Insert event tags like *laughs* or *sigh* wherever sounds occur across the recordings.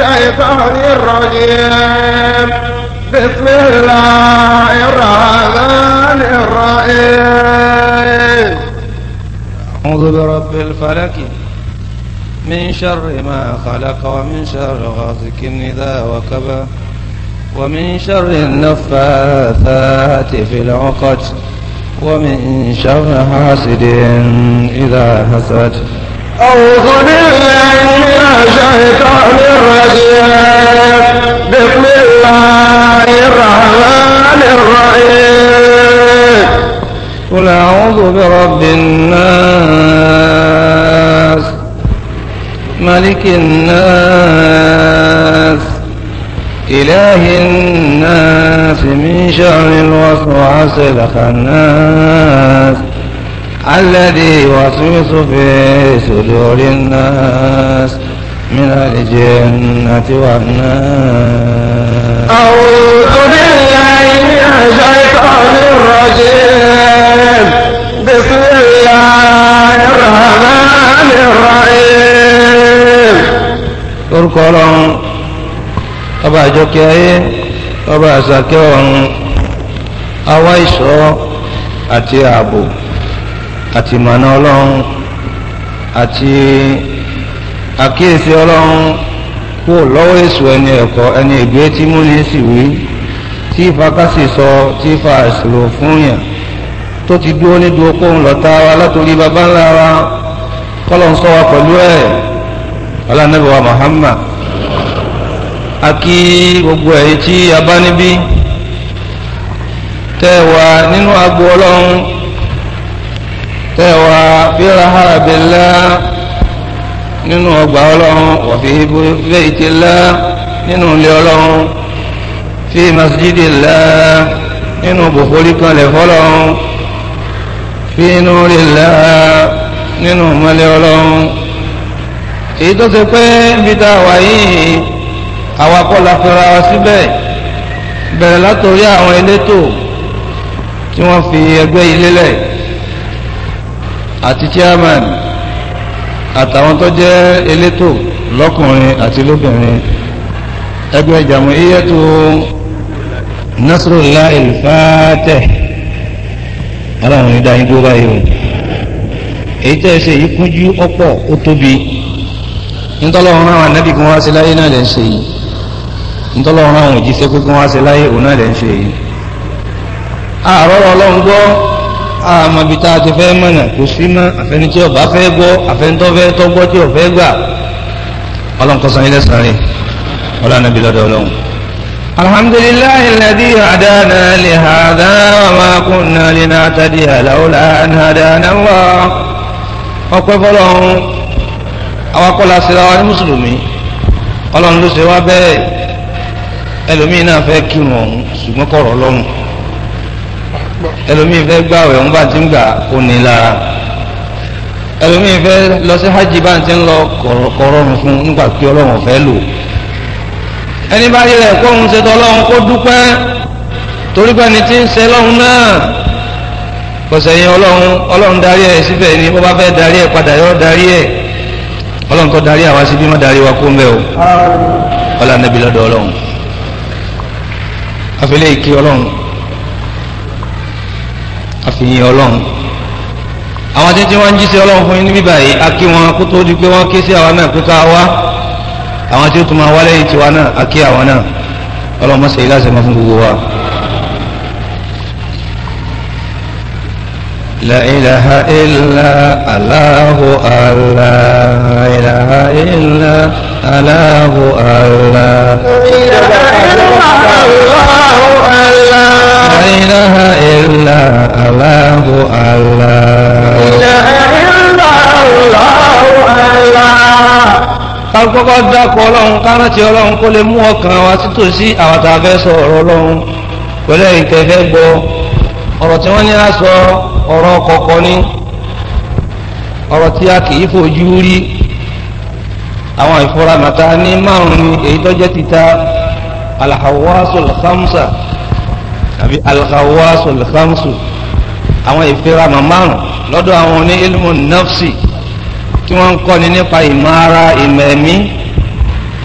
الشيطان الرجيم بسم الله الرحمن الرحيم أعوذ برب الفلك من شر ما خلق ومن شر غاسق إذا وكب ومن شر النفاثات في العقد ومن شر حاسد إذا حسد أعوذ بالله من الشيطان الرجيم بسم الله الرحمن الرحيم قل أعوذ برب الناس ملك الناس إله الناس من شر الوسواس الخناس الذي يوسوس في صدور الناس من الجنة والناس أعوذ بالله من الشيطان الرجيم بسم الله الرحمن الرحيم تركلون أبا جوكي أبا سكيون أويسو أتي أبو àti mànà ọlọ́run àti àkíyèsí ọlọ́run kó lọ́wọ́ èso ẹni ẹ̀kọ́ ẹni ìgbé tí múni sì wí tí ìfakásì sọ tí ìfa ìṣòro fún yàn tó ti dúró ní dúró kóhun lọ́ta wa látòrí baba ńlá wa kọ́lọ́n sọ wa pẹ̀lú ẹ̀ ọlánàbẹ̀wà Muhammad a kí gbogbo ẹ̀yìn tí a bá níbí tẹ́ wà nínú agbo ọlọ́run tẹ́wà fíra harabilá nínú ọgbà ọlọ́run wọ̀fí ibùfẹ́ ìtìlá nínú ilé ọlọ́run fi masjidilá nínú bòkórí kanlẹ̀ fọ́lọ́run fi inú rílá nínú mọ́lẹ̀ ọlọ́run èyí tó ṣe pé bíta wà yìí àwakọ́lá fẹ́ra wa síbẹ̀ bẹ̀rẹ̀ látòrí àwọn elétò tí wọ́n fi ẹgbẹ́ ilé lẹ̀ àti chairman àtàwọn tó jẹ́ elétò lọ́kùnrin àti lóbìnrin ẹgbẹ́ Jam'iyyatu Nasrullah al-Fatih aláwọn ìdá yín tó báyìí o èyí tẹ́ ẹ ṣe yìí kúnjú ọ̀pọ̀ ó tóbi ntọ́lọ́run àwọn anábì kí wọ́n wá sí láyé náà lẹ́ ń ṣe yìí ntọ́lọ́run àwọn òjíṣẹ́ pé kí wọ́n wá sí láyé òun náà lẹ́ ń ṣe yìí àárọ̀ ọlọ́run gbọ́ àmàbí tá a ti fẹ́ mọ̀nà kò sí mọ́ àfẹni tí ọba fẹ́ gbọ́ àfẹni tó fẹ́ tọ́gbọ́ tí ọ̀fẹ́ gbà ọlọ́nkọ́sán ilẹ̀ sàárè ọlọ́nàbí lọ́dọ̀ ọlọ́run. alhamdulillahi alladhi hadana li hadha wa ma kunna linahtadiya lawla an hadana Allah ọpẹ́ fọlọ́run àwọn akọ́lá síra wa ní mùsùlùmí ọlọ́run ló ṣe wá bẹ́ẹ̀ ẹlòmíín náà fẹ́ kírun ọ̀hún ṣùgbọ́n kọ̀rọ̀ ọlọ́run ẹlòmíì fẹ́ gbàwẹ̀ òun bá ti ń gbà ó ní lára ẹlòmíì fẹ́ lọ sí hajj bá ti ń lọ kọ̀rọ̀rùn fún nígbà pé ọlọ́run fẹ́ lò ẹni bá rí rẹ̀ kó òun ṣe tọ́lọ́run kó dúpẹ́ torí pé ẹni tí ń ṣe lọ́run náà kọ̀sẹ̀yìn ọlọ́run ọlọ́run darí ẹ̀ síbẹ̀ ni ó bá fẹ́ darí ẹ̀ padà yọ darí ẹ̀ ọlọ́run tó darí àwa síbí má darí wa kó ń bẹ̀ o ọlọ́run nàbí lọ́dọ̀ ọlọ́run àfẹlẹ́ ìkí ọlọ́run àfihàn ọlọ́run àwọn tí wọ́n ń jí sí ọlọ́run fún yín níbí báyìí a kí wọn kó tó di pé wọ́n ké sí àwa náà pé ká wá àwọn tí ó tún máa wá lẹ́yìn tiwa náà a kí àwọn náà ọlọ́run mọ́ sẹ́yìn láti máa fún gbogbo wa. لا إله إلا الله لا إله إلا الله الله الله لا إله إلا الله الله kakọ́kọ́ dákọ̀ ọlọ́run káràtì ọlọ́run kó lè mú ọkàn wa títò sí àwọn tá a fẹ́ sọ ọ̀rọ̀ ọlọ́run pẹ̀lú ẹ̀yìn tẹ̀fẹ́ gbọ́ ọ̀rọ̀ tí wọ́n ní á sọ ọ̀rọ̀ kọ̀ọ̀kan ní ọ̀rọ̀ tí a kì í fojú rí àwọn ìfura màtá ní márùn-ún èyí tó jẹ́ títa alhawasul khamsa àbí alhawasul khamsu àwọn ìfura màmárùn lọ́dọ̀ àwọn oní ilmu nafsi tí wọ́n ń kọ́ni nípa ìmọ̀ ara ìmọ̀ ẹ̀mí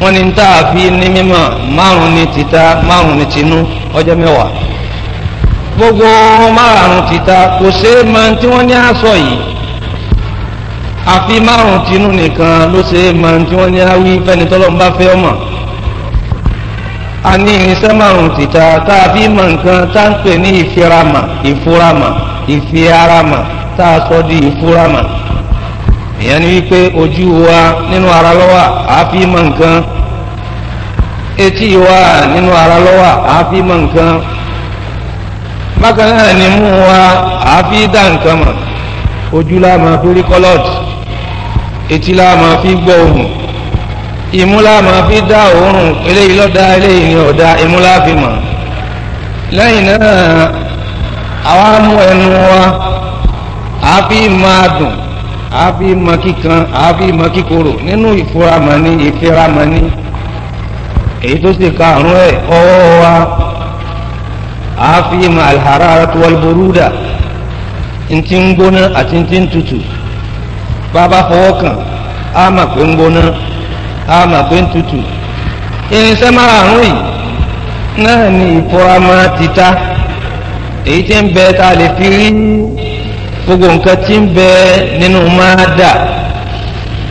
wọ́n ní tá a fi ní mímọ̀ márùn-ún ní títa márùn ní tinú ọjọ́ mẹ́wàá gbogbo márùn-ún kò ṣeé máa tí wọ́n ní àṣọ yìí àfi márùn tinú nìkan ló ṣe é mọ tí wọ́n ní awí fẹ́ni tọ́lọ́ ń bá fẹ́ ọmọ a ní irinṣẹ́ márùn tìta tá a fi mọ nǹkan tá ń pè ní ìfirama ìfurama ìfiarama tá a sọ di ìfurama èèyàn ni wípé ojú wa nínú ara lọ́wọ́ àáfi mọ nǹkan etí wa nínú ara lọ́wọ́ àáfi mọ nǹkan bákan náà ni mú wa àáfi dá nǹkan mọ̀ ojú máa fi rí etí la máa fi gbọ́ ohùn imú la máa fi dá òórùn eléyìí lọ́dá eléyìí ni ọ̀dá imú la fi mọ̀ lẹ́yìn náà àwa mú ẹnu wa àfi máa dùn àfi mọ kíkan àfi mọ kíkorò nínú ìfúramọ́ni ìfẹ́ramọ́ni èyí tó sì karùn-ún ẹ̀ ọwọ́ wa àfi mọ alhararatu wal buruda ntí ń gbóná àti ntí ń tutù bàbá fọwọ́ kàn á mà pé ń gbóná á mà pé ń tutù irinṣẹ́ márààrún yìí náà ni ìfọ́ramọ́ títa èyí tí ń bẹ tá a lè fi rí gbogbo nǹkan tí ń bẹ nínú máàdà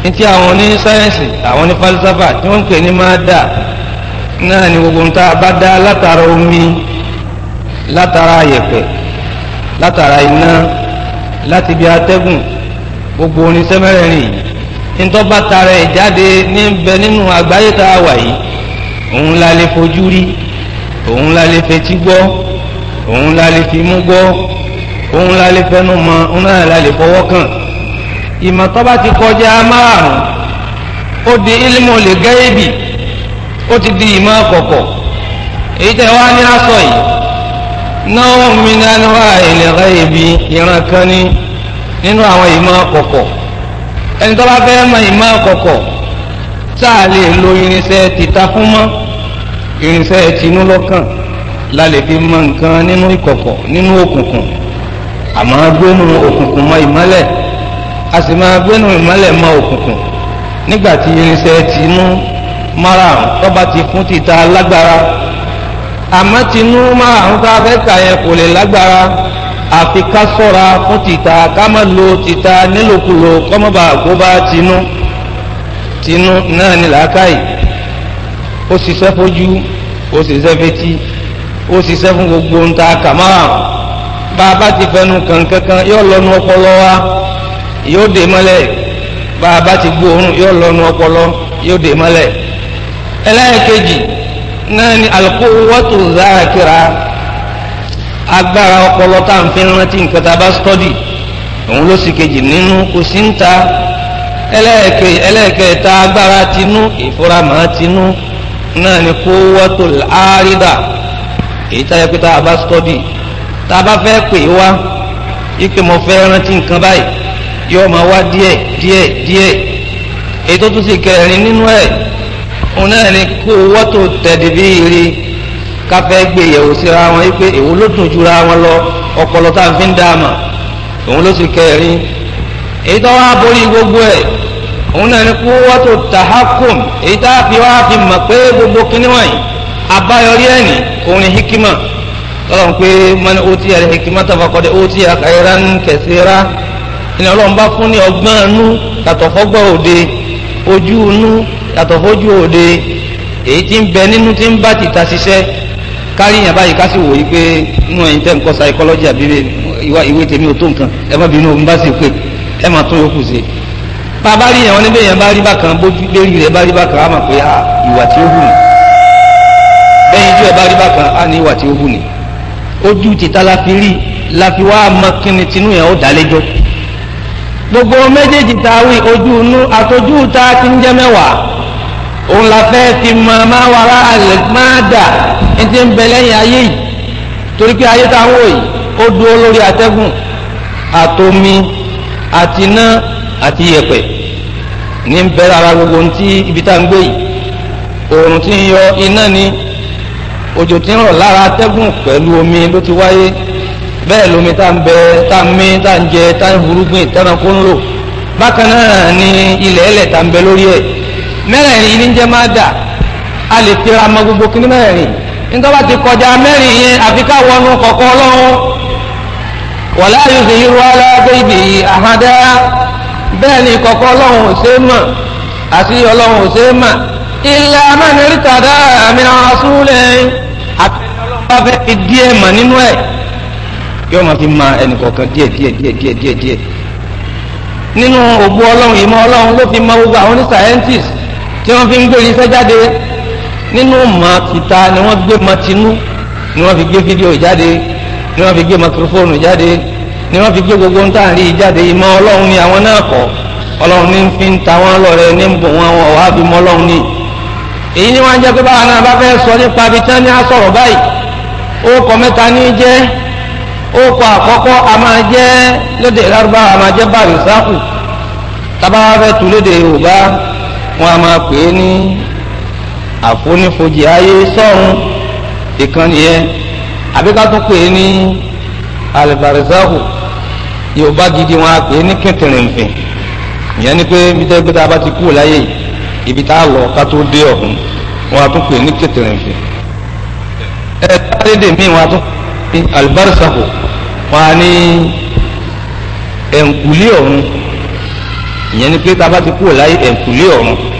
ní ti àwọn oní sáyẹ́ǹsì àwọn oní falisafa tí wọ́n ń pè ní máàdà náà ni gbogbo nǹkan bá dá látara omi látara ayẹ̀pẹ̀ látara iná láti bí atẹ́gùn gbogbo orin sẹ́mẹ́rẹ̀rin yìí ntọ́ba tara ẹ̀ jáde níbẹ̀ nínú àgbáyé tá a wà yìí òun la lè fojú rí òun la lè fetí gbọ́ òun la lè fi mú gbọ́ òun la lè fẹnu mọ̀ òun náà la lè fọwọ́ kàn ìmọ̀ tọ́ba ti kọjá márùn-ún ó di ilmu lè gẹ́ẹ́bì ó ti di ìmọ̀ kọ̀kọ̀ èyí tẹ̀ wá ní aṣọ yìí náà min anwa il ghaibi ìran kan ní nínú àwọn ìmọ̀ kọ̀kọ̀ ẹni tó bá fẹ́ mọ ìmọ̀ kọ̀kọ̀ tá a lè lo irinṣẹ́ tìta fún mọ́ irinṣẹ́ tinú lọ́kàn la lè fi mọ nǹkan nínú ìkọ̀kọ̀ nínú òkùnkùn àmọ́ gbénu òkùnkùn mọ ìmọ́lẹ̀ a sì máa gbénu ìmọ́lẹ̀ mọ òkùnkùn nígbà tí irinṣẹ́ tinú márààrún tó bá ti fún tìta lágbára àmọ́ tinú márààrún tá a fẹ́ kà yẹn kò lè lágbára àfi ká sọ́ra fún tìta ká má lo tìta nílòkulò kọ́mọ́bà àgbóbá tinú tinú náà ní làákàyè ó ṣiṣẹ́ fojú ó ṣiṣẹ́ fetí ó ṣiṣẹ́ fún gbogbo ń ta kàmá bá a bá ti fẹnu kankankan yóò lọ́nu ọpọlọ wa yóò dé mọ́lẹ̀ bá a bá ti gbóòórùn yóò lọ́nu ọpọlọ yóò dé mọ́lẹ̀ ẹlẹ́yìn kejì náà ni alukó wọ́tò zákìrá agbára ọpọlọ tá à ń fi rántí nǹkan tá a bá stọ́dì òun ló sì kejì nínú kò sí ń ta ẹlẹ́ẹ̀kẹ́ ẹlẹ́ẹ̀kẹta agbára tinú ìfúramọ́ tinú náà ni kó wọ́tò árídà èyí tá yẹ pé tá a bá stọ́dì tá a bá fẹ́ pè wá ipe mo fẹ́ rántí nǹkan báyìí yóò máa wá díẹ̀ díẹ̀ díẹ̀ èyí tó tún sì kẹrin nínú ẹ̀ òun náà ni kó wọ́tò tẹ̀dí bí rí káfẹ́ gbé yẹ̀wò síra wọn wípé èwo ló dùn jura wọn lọ ọpọlọ tá à ń fi ń dá àmà òun ló sì kẹrin èyí tó wá borí gbogbo ẹ̀ òun náà ní kó wọ́tò tahakum èyí tá a fi wá fi mọ̀ pé gbogbo kíní wọ̀nyí abáyọrí ẹ̀yìn òun ni hikima tọ́lọ́n pé mọ́ni ó ti yàrá hikima tàbákọ́dé ó ti yàrá kàyẹ́rà ń kẹsíra ìní ọlọ́run bá fún ní ọgbọ́n inú yàtọ̀ òde ojú inú yàtọ̀ òde èyí tí ń bẹ nínú tí ń bá ti ta ṣiṣẹ́ kárí yàn báyìí ká sì wòye pé nínú ẹ̀yin tẹ́ ń kọ́ psychology àbí ìwé tèmi ò tó nǹkan ẹ má bínú bá sì pé ẹ má tún yòókù sí. bá a bá rí yàn wọn níbẹ̀ yẹn bá rí bákan bójú lérí rẹ̀ bá rí bákan á mọ̀ pé ah, ìwà tí ó hù ní. bẹ́ẹ̀ ijó ẹ bá rí bákan á ní ìwà tí ó hù ní. ojú títa la fi rí la fi wá mọ kíni tinú yẹn ó dá lẹ́jọ́. gbogbo méjèèjì tá wí ojú inú àtọ́jú tá ti ń jẹ́ mẹ́wàá ntí ń bẹ lẹ́yìn ayé yìí torí pé ayé tá à ń wò yìí ó dúró lórí atẹ́gùn àtomi àti iná àti yẹ̀pẹ̀ ní ń bẹ̀rẹ̀ ara gbogbo ntí ibi tá à ń gbé yìí oòrùn tí ń yọ iná ni òjò tí ń rọ̀ lára atẹ́gùn pẹ̀lú omi ló ti wáyé bẹ́ẹ̀ lómi tá ń bẹ tá ń mí tá ń jẹ tá ń burúgbìn tẹ́ranko ń lò bákan náà ni ilẹ̀ ẹlẹ̀ tá ń bẹ lórí ẹ̀ mẹ́rẹ̀ẹ̀rin ní jẹ́ máa dà a lè tẹ́ra mọ gbogbo kíní mẹ́rẹ̀ẹ̀rin nígbà tí kọjá mẹ́rin yẹn àfi ká wọnú kọ̀kọ́ ọlọ́run wala yuzhiru ala ghaibihi ahada bẹ́ẹ̀ ni kọ̀kọ́ ọlọ́run ṣe mọ̀ àti ọlọ́run ṣe mọ̀ illa man irtada min rasulin àtẹ̀lẹ́ bá fi ma ẹnì kọ̀ọ̀kan díẹ̀ díẹ̀ díẹ̀ díẹ̀ díẹ̀ díẹ̀ nínú ògbó ìmọ̀ ló fi gbogbo àwọn nínú mọ̀ kìta ni wọ́n gbé mọ tinú ni wọ́n fi gbé fídíò jáde ni wọ́n fi gbé microphone jáde ni wọ́n fi gbé gbogbo ń tàn rí jáde ìmọ̀ ọlọ́run ni àwọn náà kọ́ ọlọ́run ní fi ń ta wọn lọ́rẹ ní bò wọn wọn wàá fi mọ́ ọlọ́run ní. èyí ni wọ́n jẹ́ pé báwa náà bá fẹ́ sọ nípa ibi tí wọ́n ní á sọ̀rọ̀ báyìí ó kọ mẹ́ta ní jẹ́ ó kọ àkọ́kọ́ a máa jẹ́ lédè lárúbá a máa jẹ́ bàrìsáàkù tábàwá fẹ́ tu lédè yorùbá wọn a máa pè é ní àfonífojì ayé sọ́run ìkànnì yẹn àbíká tó pè é ní alibarizahu yorùbá gidi wọn a pè é ní kẹtìrìnfìn ìyẹn ni pé bí tẹ́ gbẹ́ta bá ti kú láyé ibi tá a lọ ká tó dé ọ̀hún wọn a tún pè é ní kẹtìrìnfìn ẹ dáadéde míì wọn a tún pè é ní alibarizahu wọn a ní ẹ̀ǹkùlé ọ̀hún ìyẹn ni pé tá a bá ti kú láyé ẹ̀ǹkùlé ọ̀hún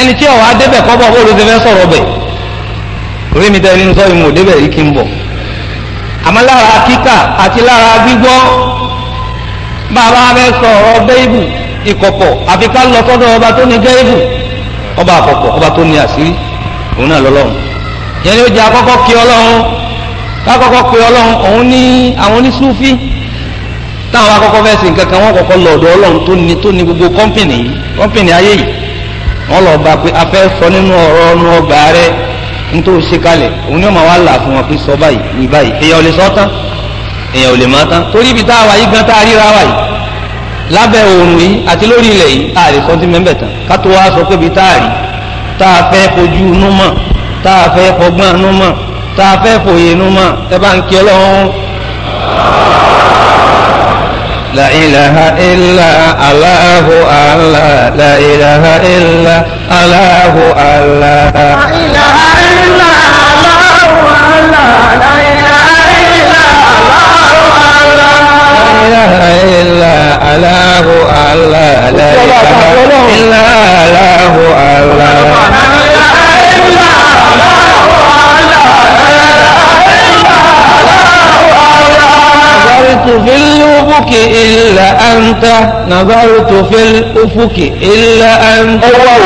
ẹni tí ọ̀wá débẹ̀ kọ́ bọ̀ bó ló ti fẹ́ sọ̀rọ̀ bẹ̀ orí mi tẹ́ nínú sọ́ọ́ ìmọ̀ débẹ̀ yìí kí n bọ̀ àmọ́ lára kíkà àti lára gbígbọ́ bàbá fẹ́ sọ̀rọ̀ bẹ́ẹ̀bù ìkọ̀kọ̀ àfi ká lọ sọ́dọ̀ ọba tó ní gẹ́ẹ̀bù ọba àkọ́kọ́ ọba tó ní àṣírí òun náà lọ́lọ́run yẹn ni ó jẹ́ akọ́kọ́ kí ọlọ́run kákọ́kọ́ pé ọlọ́run òun ní àwọn onísúfí táwọn akọ́kọ́ fẹ́ sìn kankan wọ́n kọ́kọ́ lọ tó ní gbogbo kọ́mpìnì yìí ayé yìí wọ́n lọ bá pé afẹ́ sọ nínú ọ̀rọ̀ ọ̀nù ọgbà rẹ ní tó ṣe kalẹ̀ òun yóò máa wá là fún wọn pé sọ báyìí ní báyìí èèyàn ò lè sọ tán èèyàn ò lè má tán torí ibi tá a wà yí gan tá a ríra wà yìí lábẹ́ oòrùn yìí àti lórí ilẹ̀ yìí a lè sọ tí mẹ́mbẹ̀ tán ká tó wá sọ pé ibi tá a rí tá a fẹ́ fojú inú mọ̀ tá a fẹ́ fọgbọ́n inú mọ̀ tá a fẹ́ fòye inú mọ̀ tẹ́ bá ń kí ọlọ́run. لا إله إلا الله الله لا إله إلا الله الله لا إله إلا الله الله لا إله إلا الله الله لا إله إلا الله الله في الأفق إلا أنت نظرت في الأفق إلا أنت نظرت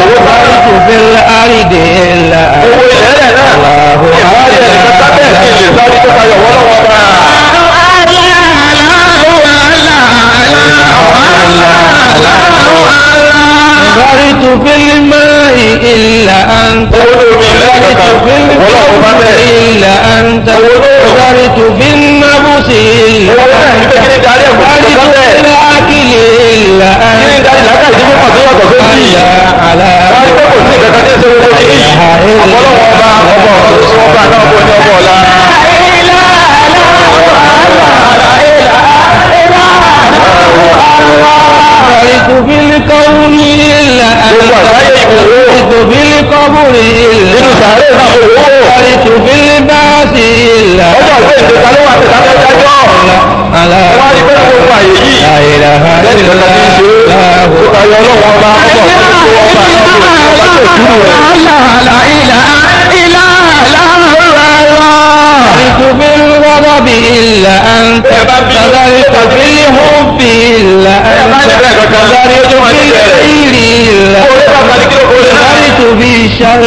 في الأرض إلا أنت الله أكبر خرجت في الماء إلا أنت خرجت في الكون إلا أنت خرجت في النفس إلا أنت خرجت في الأكل إلا أنت أيا على أيها إلا أنت tòbílì kọ́bùrì ilẹ̀ tòbílì kọ́bùrì ilẹ̀ nínú sàárè náà owó kọ́rí tòbílì báàsì ilẹ̀ ọjọ́ ìwé ìgbésà ló wà tẹ̀sán lọ́jọ́ ọjọ́ ọ̀la wọ́n á rí pé gbogbo àyè yìí lẹ́yìn lọ́jọ́ tí ń ṣe ó tayọ ọlọ́wọ́ ọba ọba ọba ọba ọba ọba ọba ọba ọba ọba ọba ọba تبعث بالغضب إلا أنت كذلك في الحب إلا أنت كذلك في الخير إلا أنت كذلك في الشر الله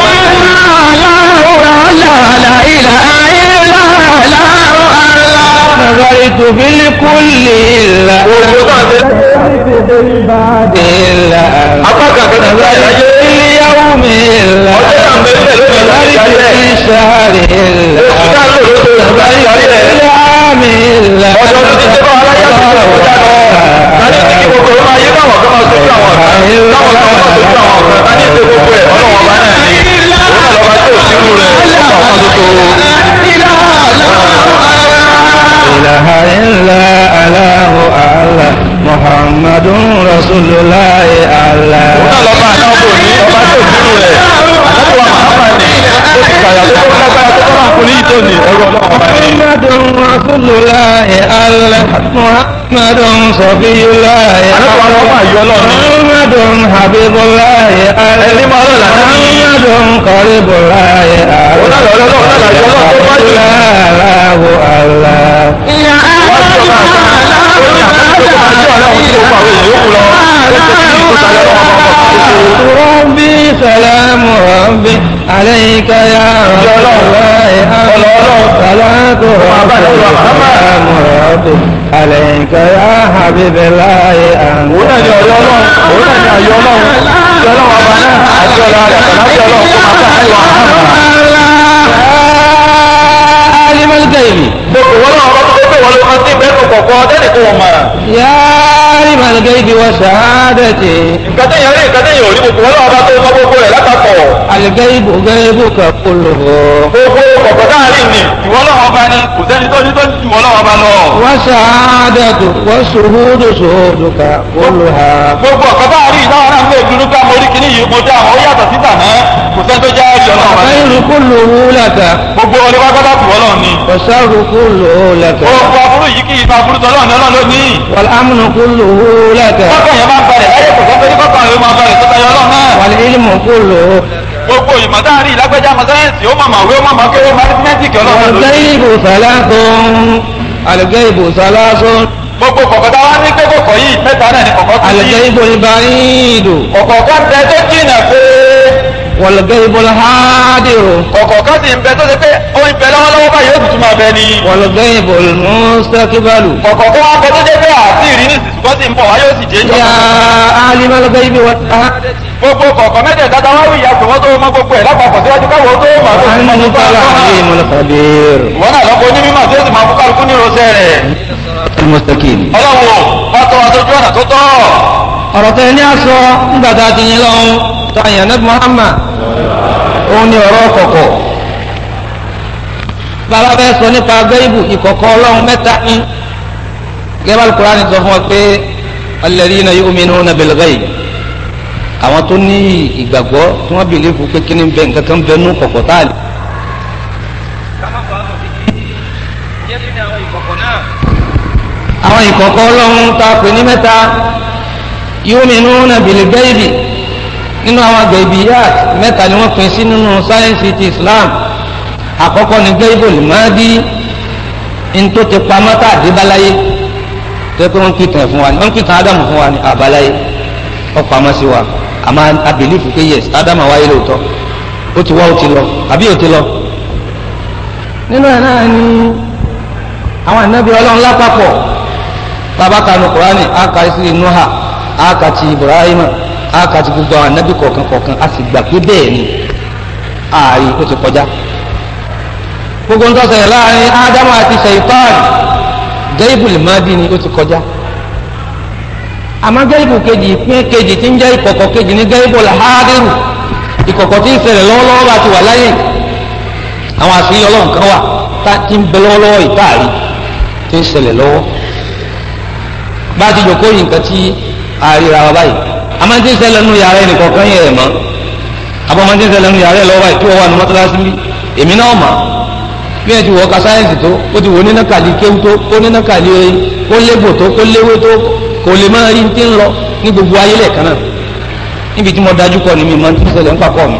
الله لا إله إلا نظرت في الكل إلا أنت العباد إلا اليوم إلا في شهر إلا العام إلا إله إلا الله الله muhammadu rasulullah ala. òun náà lọ́ba àná kò ní ọba tó dúró rẹ̀ lọ́wọ́ muhammad ní ó ti kàyà tó tó lágbára tó tó máa kó ní ìtòní ẹ̀rọ ọlọ́run ọba ní. muhammadu rasulullah ala muhammadu sọfiyullah ala rọ́bí sàlámù rọ́bí àlẹ́yìnká yá àwọn òun wọ́n ló kọ́ sí ìbẹ́nu kọ̀ọ̀kan tẹ́lẹ̀ kó wọ́n mọ̀. yá rímà ní gẹ́gẹ́ bí wọ́n ṣáádẹ̀ tì. nǹkan tẹ̀yìn rí nǹkan tẹ̀yìn ò rí gbogbo wọn náà bá tó gbogbo rẹ̀ látàkọ̀. àlẹ́gẹ́ ibò gẹ́gẹ́ ibò kan kó lò gbogbo kọ̀kọ̀ láàrin ni ìwọ lọ́wọ́ bá ní kò sẹ́ni tó ní tó ní ìwọ lọ́wọ́ bá lọ. wọ́n ṣáádà tó wọ́n ṣòhóòdò ṣòhóòdò ká olù ha. gbogbo ọ̀kan bá rí ìdáwọ́ náà lè dúró ká mo rí kíní yìí mo dá àwọn ó yàtọ̀ síta náà kò sẹ́ni tó já ẹ̀ṣọ́ náà. àbẹ́rù kò lò ó lẹ́ta. gbogbo ọ̀rẹ́ wá gbọ́dọ̀ tù wọ́lọ́ ni. ọ̀ṣàrù kò lò ó lẹ́ta. ọkọ̀ àbúrò yìí kì í ta àbúrò tọ́lọ́ ní ọlọ́run lónìí. wàlámùnù kò lò ó lẹ́ta. kọ́kọ́ yẹn máa ń balẹ̀ láyé kò sẹ́ni tó ní kọ́kọ́ àwọn gbogbo ìmọ̀tárì lágbẹ́jà mọ̀sáyẹ́ǹsì ó mọ̀mọ̀ wé ó mọ̀mọ̀ kéré mọ̀tímẹ́tíkì ọlọ́run lórí. àlùgẹ́yìnbó sàlásùn àlùgẹ́yìnbó sàlásùn. gbogbo kọ̀kọ́ tá a wá ní pé kòkó yìí mẹ́ta náà ni kọ̀kọ́ tó yìí. àlùgẹ́yìnbó ibà yìí dò. kọ̀kọ́ kan tẹ tó jìnà fún wọ̀lọ̀gẹ́rìbọ̀lá hádìrò. ọ̀kọ̀ kan sì ń bẹ tó ṣe pé ó ń bẹ lọ́wọ́lọ́wọ́ báyìí ó tuntun máa bẹ ni. wọ̀lọ̀gẹ́rìbọ̀lá mọ́sákíbálù. ọ̀kọ̀ kan wá kọ tó jẹ́ pé àti ìrìn ní ṣùgbọ́n sì ń bọ̀ wáyé ó sì jẹ́ ìjọba. yà á lè ibi wọn. gbogbo kọ̀ọ̀kan mẹ́tẹ̀ẹ̀ta wá wíyà tó tó mọ gbogbo ẹ̀ lápapọ̀ síwájú káwọ́ tó mọ̀ tó mọ̀ tó mọ̀ tó mọ̀ tó mọ̀ ọ̀rọ̀ tẹ́ ní aṣọ nígbàtà ti yín lọ́wọ́ tọ́yìn anabi muhammad òun ni ọ̀rọ̀ kọ̀kọ̀ bàbá bẹ́ẹ̀ sọ nípa gẹ́ìbù ìkọ̀kọ̀ ọlọ́run mẹ́ta ní gẹ́gẹ́ bá lùkúrá ni sọ fún wa pé alladhina yu'minuna bil ghaib àwọn tó ní ìgbàgbọ́ tí wọ́n bìlẹ̀ fún pé kí ni bẹ́ẹ̀ nǹkan kan bẹ́ẹ̀ nú kọ̀kọ̀ tá a lè. àwọn ìkọ̀kọ̀ ọlọ́run tá a pè ní mẹ́ta yu'minuna bil ghaib nínú àwọn gẹ̀bíyàt mẹ́ta ni wọ́n pín sí nínú sáyẹ́nsì ti Islam àkọ́kọ́ ni gẹ́bùl máàdì ní tó ti pa mọ́tà àdébáláyé tó pé wọ́n pìtàn fún wa ni wọ́n pìtàn ádámù fún wa ni àbáláyé wọ́n pamọ́ sí wa àmọ́ abìlífù pé yẹs ádámù wáyé lóòótọ́ ó ti wá ó ti lọ àbí ó ti lọ. nínú ẹ̀ náà ni àwọn ànábì ọlọ́run lápapọ̀ bàbá kanu Kùránì àkàtì Nuha àkàtì Ibrahima a kà ti gbogbo àwọn anábì kọ̀ọ̀kan kọ̀ọ̀kan a sì gbà pé bẹ́ẹ̀ ni ààrí ó ti kọjá gbogbo nǹkan ṣẹlẹ̀ láàrin ádámù àti ṣèyítáàrì gẹ́ìbùlì mọ́dí ni ó ti kọjá àmọ́ gẹ́ìbù kejì ìpín kejì tí ń jẹ́ ìkọ̀kọ̀ kejì ní gẹ́ìbùlì háàdìrù ìkọ̀kọ̀ tí ń ṣẹlẹ̀ lọ́wọ́lọ́wọ́ bá ti wà láyé àwọn àṣírí ọlọ́run kan wà tí ń bẹ lọ́wọ́lọ́wọ́ ìtaàrí àmọ́ tí ń ṣẹlẹ̀ nínú yàrá ẹnì kọ̀ọ̀kan yẹn rẹ̀ mọ́ àbọ̀ máa ń tí ń ṣẹlẹ̀ nínú yàrá ẹ̀ lọ́wọ́ ẹ̀ tí wọ́n wà ní mọ́tàlásí bí èmi náà mà bí ẹ ti wọ ka sáyẹ́nsì tó ó ti wọ nínú kàlí kéwú tó ó nínú kàlí oyin ó lébò tó ó léwé tó kò lè má rí ti ń lọ ní gbogbo ayé lẹ́ẹ̀kan náà níbi tí mo dájú kọ ni mi máa ń tí ń ṣẹlẹ̀ ń mi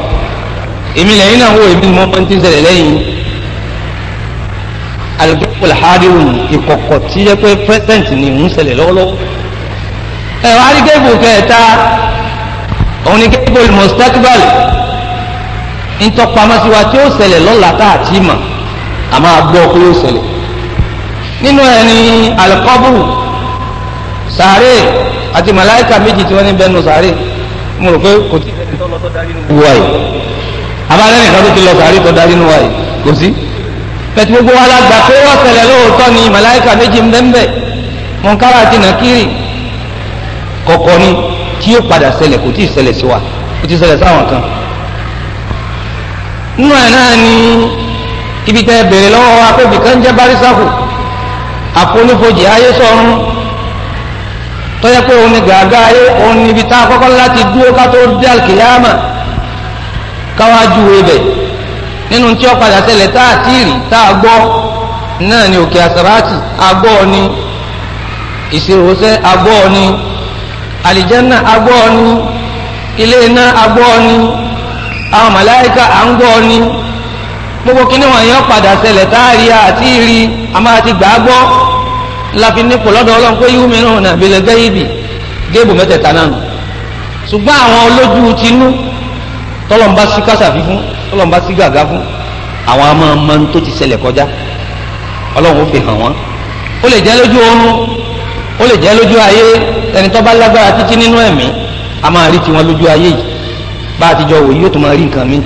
èmi lẹ́yìn náà wò èmi ni mo máa ń tí ń ṣẹlẹ̀ lẹ́yìn alùpùpù làhádìrún ìkọ̀kọ̀ tí yẹ pé pẹ́sẹ̀ǹtì ni ń ṣẹlẹ̀ lọ́wọ́lọ́wọ́ ẹ̀wọ̀n arígbébù kẹta òun ni kébùl mustaqbal ntọ́pamọ́síwá tí ó ṣẹlẹ̀ lọ́la tá a ti mọ̀ a máa gbọ́ pé ó ṣẹlẹ̀ nínú ẹ̀ ní alikọ́bù sàárè àti màláìka méjì tí wọ́n ní bẹ́ẹ̀ nù sàárè mo rò pé kò tí ì wáyé abáyẹnì kan tó ti lọ sàárè tó darí nù wáyé kò sí pẹ̀tù gbogbo wa la gbà pé wọ́n ṣẹlẹ̀ lóòótọ́ ni màláìka méjì ń bẹ́ẹ̀ bẹ́ẹ̀ mọ̀nkárà àti nàkírì kọ̀kọ̀ ni tí yóò padà ṣẹlẹ̀ kò tí ì ṣẹlẹ̀ sí wa kò tí ì ṣẹlẹ̀ sáwọn kan. nínú ẹ̀ náà ni ibi tẹ́ bèrè lọ́wọ́ wa pé bìkan jẹ́ barisaku àfonífojì ayé sọ̀run tọ́jà pé òun ni gàgà ayé òun ni ibi tá a kọ́kọ́ láti dúró ká tó dé àlùkìyàmà káwájú ibẹ̀ nínú tí ó padà ṣẹlẹ̀ tá a ti rí tá a gbọ́ náà ni òkè àsàràtì agbọ́ ni ìṣirò sẹ́ agbọ́ ni àlìjánná agbọ́ ni ilé iná agbọ́ ni àwọn màláìka à ń gbọ́ ni gbogbo kíní wọn yẹn padà ṣẹlẹ̀ táàrí àti ìrì àmọ́ àti gbàgbọ́ láfi nípò lọ́dọ̀ ọlọ́run pé yíwú mìíràn ọ̀nà àbílẹ̀ gẹ́yìbì géèbù mẹ́tẹ̀ẹ̀ta náà nù ṣùgbọ́n àwọn olójú tinú tọ́lọ́mbá sí kásàfi fún tọ́lọ́mbá sí gàgá fún àwọn àmọ́ ọmọ tó ti ṣẹlẹ̀ kọjá ọlọ́run ó fi hàn wọ́n ó lè jẹ́ lójú oorun ó lè jẹ́ lójú ayé ẹni tó bá lágbára títí nínú ẹ̀mí a máa rí tiwọn lójú ayé yìí bá a ti jọ wò yìí yóò tún máa rí nǹkan mi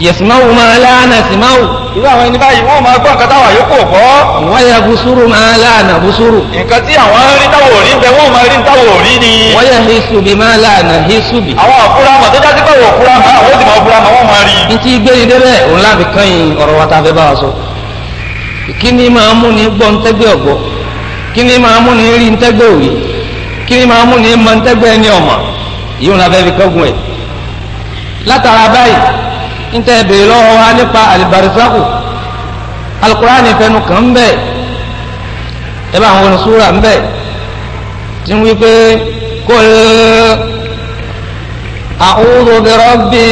yẹ̀sìmáwò máa láàánà símáwò. irú àwọn ẹni báyìí wọ́n máa gbọ́ nǹkan táwọn àyókò gbọ́. wọ́n yẹ busuru máa láàánà busuru. nǹkan tí àwọn rí táwọn ò rí ń bẹ wọ́n máa rí táwọn ò rí ni. wọ́n yẹ hisubi máa láàánà hisubi. àwọn àfúrámọ̀ tó dájú pé wọ́n fúrámọ̀ àwọn ó sì máa fúrámọ̀ wọ́n máa rí. n ti gbé ni débẹ̀ òun láti kàn yín ọ̀rọ̀ wa ta fẹ́ kí ni máa mú ni gbọ́ ntẹ́gbẹ́ ọ̀gbọ́ kí ni máa mú ni rí ntẹ́gbẹ́ òrì kí ni màá mú ní mọ̀ntẹ́gbẹ́ ẹni ọ̀mà yìí wọn abẹ́ fi kọ́gùn ẹ̀ látara báyìí ń tẹ́ bèrè lọ́wọ́ wa nípa àlìbàrísàkù alukurani fẹnu kàn ń bẹ̀ ẹ bá àwọn sùúrà ń bẹ̀ tí ń wí pé kul a'udhu bi rabbi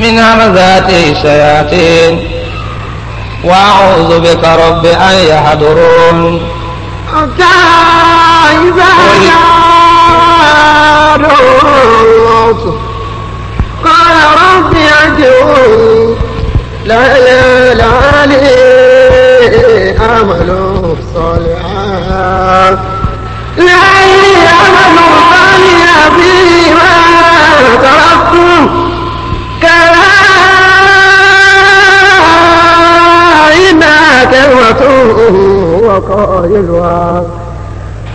min hamazati shayatin wa a'udhu bika rabbi an yahdurun. ọ̀gá. إذا نار قال رب عجوز لا لا لا لي عمل صالحا لا لي عمل صالحا فيما تركتم كلا إنها كلمة وقائلها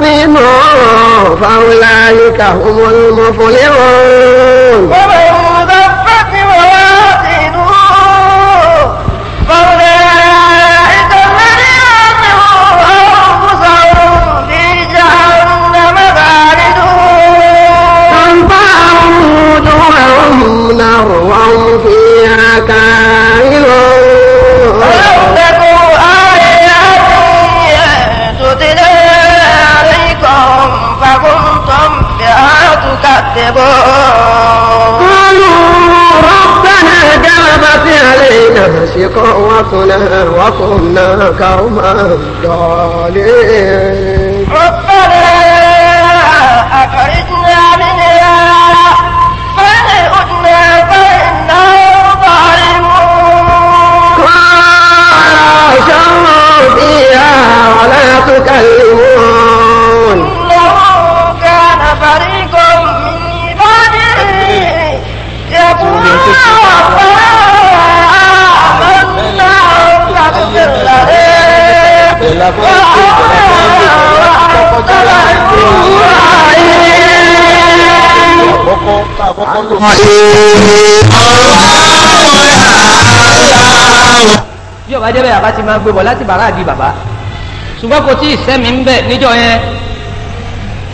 símọ́ fáwọlá yíká ọmọ ọmọ fọlẹ́ wọn. عذاب ربنا غلبت علينا شقوتنا وكنا قوما ضالين ربنا أخرجنا منها فنعدنا فإنا ظالمون قال فيها ولا تكلم bí ọba jẹ́ bẹ́ẹ̀ bàbá ti máa ń gbé bọ̀ láti bàrà àbí bàbá ṣùgbọ́n kò tí ì sẹ́mi ń bẹ̀ níjọ yẹn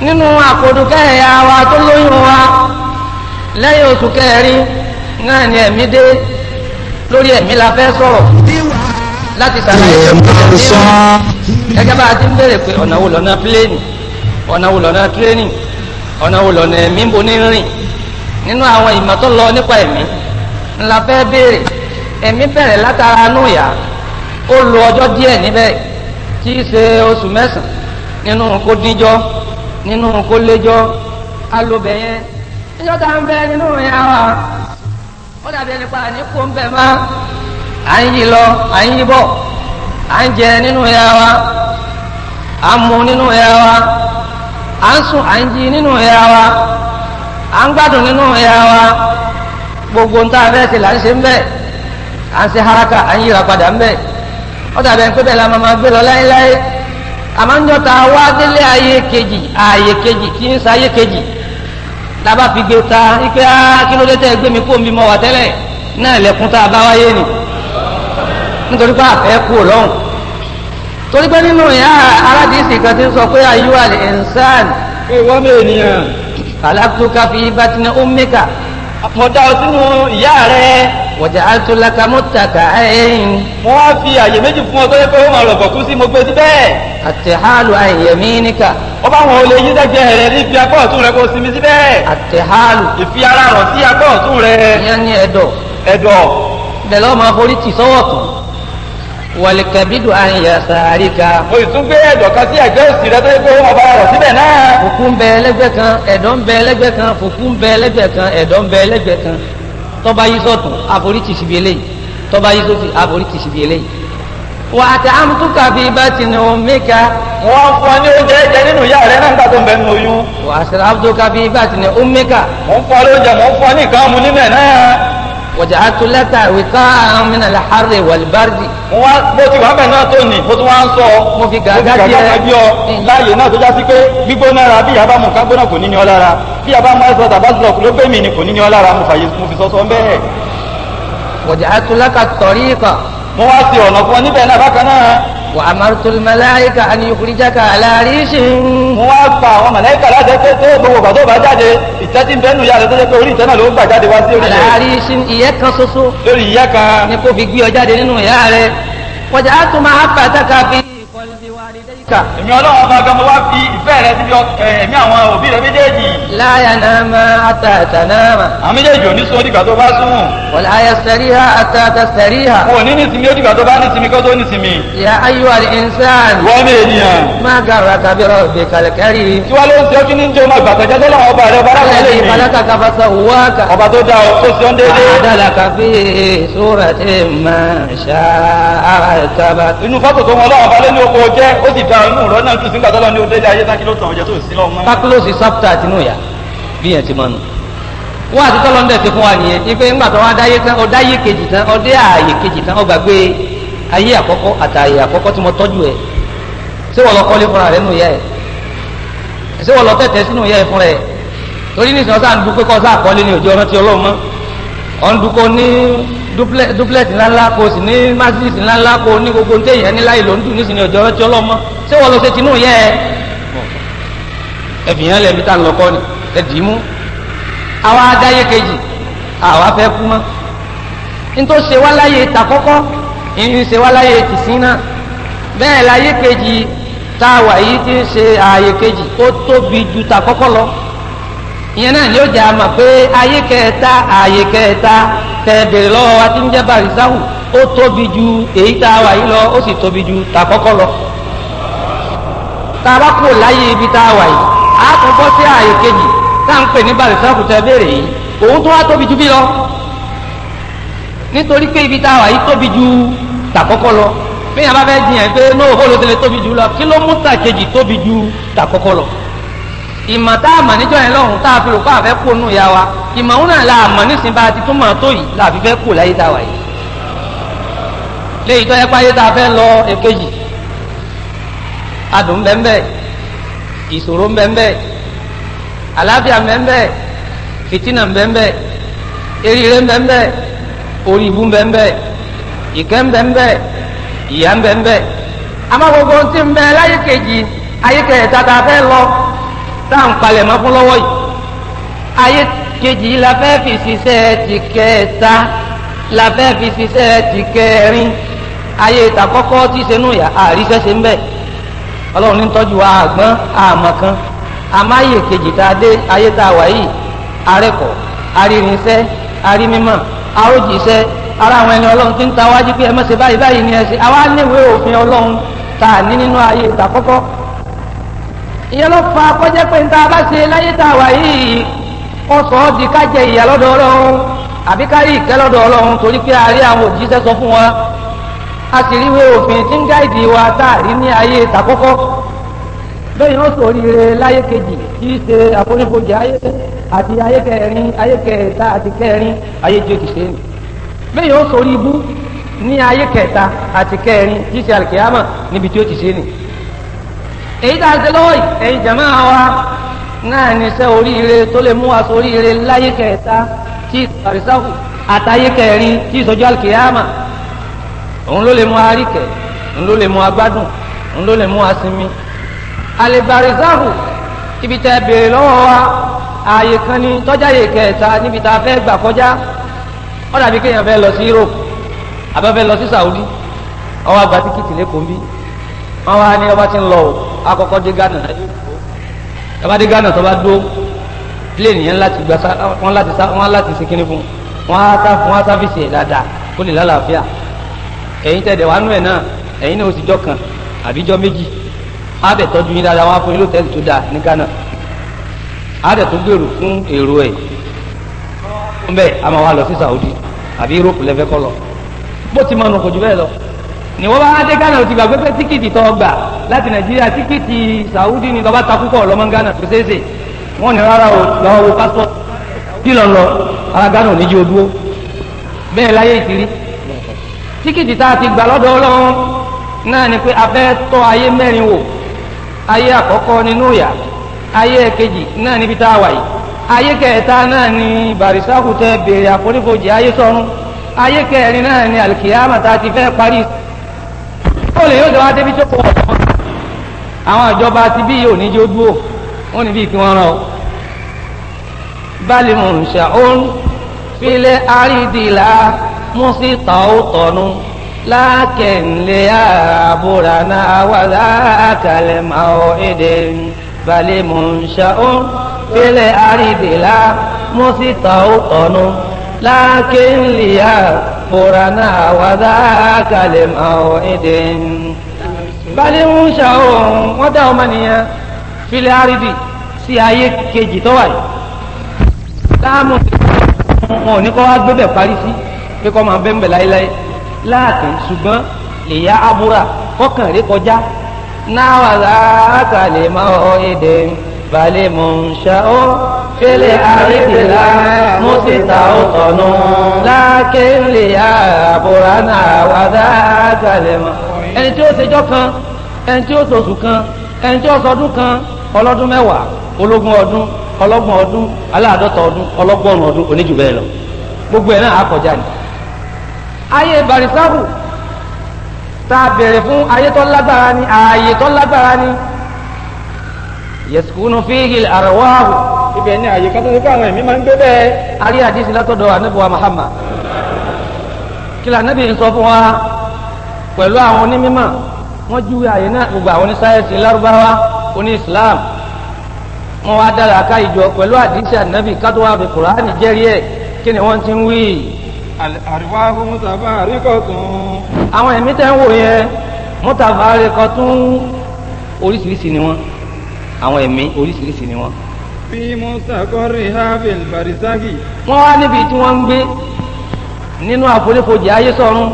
nínú àkòdù kẹ́hẹ̀yà wa tó lóyún wa lẹ́yìn oṣù kẹrin náà ni ẹ̀mí dé lórí ẹ̀mí la fẹ́ sọ̀rọ̀ láti sàlàyé ẹ̀mí sọ gẹ́gẹ́ bá a ti ń bẹ̀rẹ̀ pé ọ̀nà wo lọ́nà pílẹ́ẹ̀nì ọ̀nà wo lọ́nà tírénì ọ̀nà wo lọ́nà ẹ̀mí bo ní rìn nínú àwọn ìmọ̀ tó lọ nípa ẹ̀mí ńlá fẹ́ béèrè ẹ̀mí bẹ̀rẹ̀ látara núyà ó lo ọjọ́ díẹ̀ níbẹ̀ tí ṣe oṣù mẹ́sàn-án nínú kó díjọ́ nínú kó léjọ́ alóbẹ̀ yẹn níjọ́ tá ń bẹ nínú yẹn wà ó dàbí ẹni pa ní ń bẹ má à ń yí lọ à ń yí bọ̀ à ń jẹ nínú yẹn wà à ń mu nínú yẹn wà à ń sùn à ń jí nínú yẹn wà. à ń gbádùn nínú ìhà wa gbogbo ń tá a fẹ́ ṣe là ń ṣe ń haraka à ń yíra padà ń bẹ̀ ó dàbí ẹni pé bẹ́ẹ̀ la máa máa gbé lọ láéláé àmọ́ ń jọta wá délé ayé kejì ayé kejì kí ń sa ayé kejì fi gbé ta ipe á kí ló dé mi kó mi mọ́ wa tẹ́lẹ̀ náà lẹ́kún tá a ni nítorí pé àfẹ́ kú lọ́hùn torí pé nínú kan ti sọ pé khalaqtuka fi batni ummika mo dá ọ sínú ìyá rẹ. waja'altu laka muttaqa'ain. mo wá fi àyè méjì fún ọ tó yẹ pé ó máa rọ̀gbọ̀ kú sí mo gbé síbẹ̀. attihalu an yaminika. ó bá wọn olè yí sẹ́gbẹ̀ẹ́ rẹ ní ìfi apá ọ̀tún rẹ kó o sinmi síbẹ̀. attihalu. ìfi ara rọ̀ sí wàlìkàbídù àyà sàárì ka. mo sì tún gbé ẹ̀dọ̀ kan sí ẹ̀gbẹ́ òsì rẹ tó yẹ kó wọ́n bá rọ̀ síbẹ̀ náà. fùkú ń bẹ ẹlẹ́gbẹ́ kan ẹ̀dọ̀ ń bẹ ẹlẹ́gbẹ́ kan fùkú ń bẹ ẹlẹ́gbẹ́ kan ẹ̀dọ̀ ń bẹ ẹlẹ́gbẹ́ kan tọ́ba yìí sọ̀tún àforíkì síbi eléyìí tọ́ba yìí sọ̀tún àforíkì síbi eléyìí. wà á tẹ amútúkà bí ibà ti ní omi ka. wọ́n fọ ní oúnjẹ jẹ nínú ìyá rẹ náà nígbà tó ń bẹ nínú oyún. wà á sẹ wàjàhátú lẹ́tà wíká àwọn mìíràn lè hárè wàlúbárì. mo wá bó ti wà bẹ́ẹ̀ náà tó nì mo tún wá ń sọ. mo fi gàgá bí ẹ bí ọ láàyè náà tó já sí pé gbígbóná ra bí yaba mu kágbóná kò ní ní ọ lára bí yaba mu ẹsọ tàbá sọ ló gbé mi ni kò ní ní ọ lára mo fàyè mo fi sọ sọ bẹ́ẹ̀. wàjàhátú tọ̀rí kan. mo wá sí ọ̀nà fún ọ níbẹ̀ náà bákan náà wà á máa tó mẹláìkà á ní ìkúrìjáka aláàríṣì. mo wá pa àwọn mẹláìkà láti ẹgbẹ́ tó gbogbo bàtó bá jáde ìtẹ́ tí ń bẹ́nu ìyá rẹ̀ tó jẹ́ pé orí ìtẹ́ náà ló ń gbà jáde wá sí orí rẹ̀. aláàríṣì ìyẹ́ kan ṣoṣo. lórí ìyẹ́ kan. ni kò fi gbé ọ jáde nínú ìyá rẹ̀. wọ́n ti á tún máa pàtàkì kà. èmi ọlọ́run ọba gan mo wá fi ìfẹ́ rẹ síbi eh, ẹ̀mí àwọn òbí rẹ méjèèjì. láyà náà mọ ata ẹ̀tà náà mà. àwọn méjèèjì ò ní sún onígbà tó bá sún. wọ́n ayẹ sẹ́rí ha ata ẹ̀tà sẹ́rí ha. wọn ò ní nísìmí onígbà tó bá nísìmí kó tó nísìmí. ya ayiwa ìnsán. wọ́n mi ènìyàn. má gàrà kábírọ̀ òbí kàlẹ́kẹ́rì. tí wàá ló ń ṣe ọ́kíní jẹ́ ọmọ ìgbà tẹ̀jẹ́ nígbà inú ọ̀rọ̀ náà tún sígbà kí ló tàn ọjà tó sí bí ti mọ nù. wọ́n àti ti fún wa ipe ńgbà tó tán ọdáyé kejì tán ọdẹ ààyè kejì tán ọgbàgbé ayé àkọ́kọ́ àtààyè àkọ́kọ́ tí mo tọ́jú ẹ̀ ṣé wọ́n lọ kọ́lé fúnra rẹ̀ nù ẹ̀ ṣé wọ́n lọ tẹ̀tẹ̀ sínú ẹ̀ torí nísìnyí ọ̀sán òjò ọ̀rántí duplex ńláńlá kò sì ní masjid ńláńlá kò ní gbogbo ní téèyàn ní láì ló ń dùn nísìnyí ọjọ́ ọtí ọlọ́mọ ṣé wọ́n lọ ṣe tinú yẹ ẹ ẹ̀fìyàn lẹ́ẹ̀mí tá ń lọ kọ́ ni ẹ dì í mú àwa adáyé kejì àwa fẹ́ kú mọ́ nítorí ṣe wá láyé ta kọ́kọ́ ìrìn ṣe wá láyé tìsín náà bẹ́ẹ̀ láyé kejì tá a wà yìí ti ń ṣe ààyè kejì ó tóbi ju ta kọ́kọ́ lọ ìyẹn náà ni ó jẹ́ àmà pé ayé kẹta ààyè kẹta tẹ̀bẹ̀rẹ̀ lọ́wọ́ wa ti ń jẹ́ barisahu ó tóbi ju èyí tá a wà yìí lọ ó sì tóbi ju tàkọ́kọ́ lọ. tá a bá kú láyé ibi tá a wà yìí a tún bọ́ sí ààyè kejì tá à ń pè ní barisahu tẹ̀bẹ̀rẹ̀ yìí òun tó wá tóbi ju bí lọ nítorí pé ibi tá a wà yìí tóbi ju tàkọ́kọ́ lọ bí bá fẹ́ jiyàn pé nóò bó ló ti lè tóbi ju lọ kí ló mú tàkejì tóbi ju tàkọ́kọ́ lọ ìmọ̀ tá a mọ̀ níjọ́ yẹn lọ́hùn tá a fi rò pé àfẹ́ kó nù ya wa ìmọ̀ òun náà la mọ̀ nísìnyí bá a ti tún mọ̀ tó yìí la fi fẹ́ kó láyé tá a wà yìí léyìí tó yẹ páyé tá a fẹ́ lọ èkejì adùn bẹ́ẹ̀ ìṣòro bẹ́ẹ̀ àlàáfíà bẹ́ẹ̀ fìtínà bẹ́ẹ̀ bẹ́ẹ̀ oríbu bẹ́ẹ̀ bẹ́ẹ̀ ìyá bẹ́ẹ̀ amágbogbo ti ń bẹ láyé tá à ń palẹ̀ mọ́ fún lọ́wọ́ yìí ayé kejì la fẹ́ fi ṣiṣẹ́ ti kẹta la fẹ́ fi ṣiṣẹ́ ti kẹrin ayé ìtàkọ́kọ́ tí sẹ́nu yà àríṣẹ́ ṣe ń bẹ̀ ọlọ́run ní tọ́jú wa àgbọ́n àmọ̀kan amáyè kejì tá a dé ayé tá a wà yìí arẹ́kọ̀ọ́ arírinṣẹ́ arímímọ̀ arójìṣẹ́ ara àwọn ẹni ọlọ́run ti ń ta wájú pé ẹ má ṣe báyìí báyìí ni ẹ ṣe àwa níwèé òfin ọlọ́run tá a ní nínú ayé ìtàkọ́kọ́ ìyẹn ló fa kọjá pé ń ta bá ṣe láyé wà yìí kó sọ ọ́ di ká jẹ ìyà lọ́dọ̀ ọlọ́run àbí ká rí ìkẹ́ lọ́dọ̀ torí pé àwọn òjíṣẹ́ sọ fún wa a sì rí ìwé òfin tí wa tá a rí ní ayé bẹ́ẹ̀ yóò láyé kejì í ṣe àfonífojì ayé kẹta àti ayé èyí tá a ṣe lọ́wọ́ ẹ̀yin jẹ̀mọ́ wa náà ní iṣẹ́ oríire tó lè mú wa sóríire láyé kẹta tí àrísàkù àtàyé kẹrin tí ìsọjú àlùkìyàmà òun ló lè mú wa ríkẹ̀ òun ló lè mú wa òun ló lè mú wa sinmi. ibi tẹ béèrè lọ́wọ́ wa ààyè kan ní tọ́jáyè kẹta níbi tá a fẹ́ gbà kọjá ó dàbí kéèyàn fẹ́ lọ sí Europe àbẹ́fẹ́ lọ sí Saudi ọwọ́ àgbà tíkìtì lẹ́kọ̀ọ́ bí wọ́n wá ní ọba tí ń lọ o akọ́kọ́ dé Ghana náà tọ́ba dé Ghana tọ́ba dó plane yẹn láti gba wọn láti sá wọn láti ṣe kíní fún wọn á sá wọn á sáfìsì ẹ̀ dáadáa kó lè lálàáfíà ẹ̀yin tẹ̀ dẹ̀ wá nú ẹ̀ náà ẹ̀yin náà ó sì méjì á bẹ̀ tọ́jú yín wọn á fún tó dáa ní Ghana á tó gbèrò fún èrò ẹ̀ fún bẹ́ẹ̀ a máa wá lọ Saudi àbí Europe lẹ́fẹ́ kọ́ lọ bó ti máa nù kò jù bẹ́ẹ̀ ni wọ́n bá wá dé Ghana ti gbàgbé pé tíkìtì tó gbà láti Nàìjíríà tíkìtì Saudi ni tọ́ba takúkọ̀ lọ́mọ Ghana tó ṣeéṣe wọ́n ní rárá o lọ́wọ́ wo pásítọ̀ kí lọ lọ ara Ghana ò ní jí o dúró bẹ́ẹ̀ láyé ìtìrí tíkìtì tá a ti gbà lọ́dọ̀ Ọlọ́run náà ni pé a fẹ́ tọ́ ayé mẹ́rin wò ayé àkọ́kọ́ nínú ìyà ayé ẹ̀kejì náà níbi tá a wà yìí ayé kẹta náà ni bàrìsákù tẹ béèrè àforífojì ayé sọ̀run ayé kẹrin ni àlìkìyàmà tá a ti bóòlù yóò jọ wá débi tó pọ̀ ọ̀tọ̀ àwọn ìjọba ti bí yóò níjó dúró wọn níbi kí wọ́n rán o bali mùsà òun filẹ̀ àrídìlà mùsítà ó tọ̀nu lákẹ̀lẹ̀ àbúrà náà wà lákàlẹ̀ máa ọ̀ èdè bali mùsà òun filẹ̀ àrídìlà mùsítà ó tọ̀nu lákẹ̀lẹ̀ àbúrà. غفورنا وذاك لموعد بل انشأوا ودومنيا في الأرض سيايك كيجي توال láàmú wọn ò ní kọ́ wá gbébẹ̀ parí sí pé kọ́ máa bẹ́ẹ̀ láéláé láàkì ṣùgbọ́n lèyà abúra kọ́kàn rí kọjá náà kele aridila musita otonu lakele aburana wada ajalema. ẹni tí ó ṣèjọ́ kan ẹni tí ó ṣoṣù kan ẹni tí ó ṣọdún kan ọlọ́dún mẹ́wàá ológun ọdún ọlọ́gbọ̀n ọdún aláàdọ́ta ọdún ọlọ́gbọ̀n ọdún oníjù bẹ́ẹ̀ lọ gbogbo ẹ̀ náà àkọjá ni. ayé barisabu tá a bèrè fún ayé tó lágbára ni ààyè tó lágbára ni yẹsùkúnú fíhìl àrẹwàhù ibẹ̀ ní àyè kan tó ti kó àwọn ẹ̀mí máa ń gbé bẹ́ẹ̀ arí àdìsí látọ̀dọ̀ ànábì wa Muhammad kí la ànábì ń sọ fún wa pẹ̀lú àwọn onímọ̀ wọ́n júwe àyè náà gbogbo àwọn onísáyẹ̀sì lárúbáwá oní Islam wọ́n wá dára ká ìjọ pẹ̀lú àdìsí ànábì kátó wá fi Kùránì jẹ́rí ẹ̀ kí ni wọ́n ti ń wí. àríwáhù mutafarriqatun. àwọn ẹ̀mí tẹ́ ń wò yẹn mutafarriqatun oríṣiríṣi ni wọ́n àwọn ẹ̀mí oríṣiríṣi ni wọ́n. fi mustaqarriha fil barzakhi. wọ́n wá níbi tí wọn ń gbé nínú àfonífojì ayé sọ̀run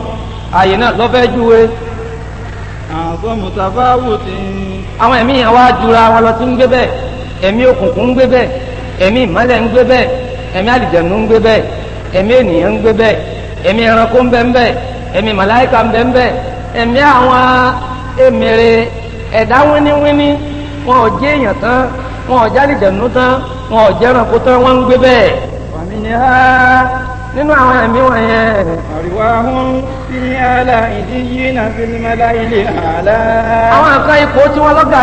àyè náà lọ́fẹ́ júwe. àwọn àwọn ẹ̀mí yẹn wá jura wọn lọ sí ń gbé bẹ́ẹ̀ ẹ̀mí òkùnkùn ń gbé bẹ́ẹ̀ ẹ̀mí ìmọ́lẹ̀ ń gbé bẹ́ẹ̀ ẹ̀mí àlìjẹ̀nu ń gbé bẹ́ẹ̀ ẹ̀mí ènìyàn ń gbé bẹ́ẹ̀ ẹ̀mí ẹranko ń bẹ́ẹ̀ ẹ̀mí màláìka wọn ò jálè dẹ̀nu tán wọn ò jẹ́ràn kó bẹ́ẹ̀. wàmí ni nínú àwọn ẹ̀mí wọ̀nyẹn. àríwá hún ní àlà ìdí yìí náà fi ní mẹ́lá ilé àlá. àwọn nǹkan ipò tí wọ́n lọ́gà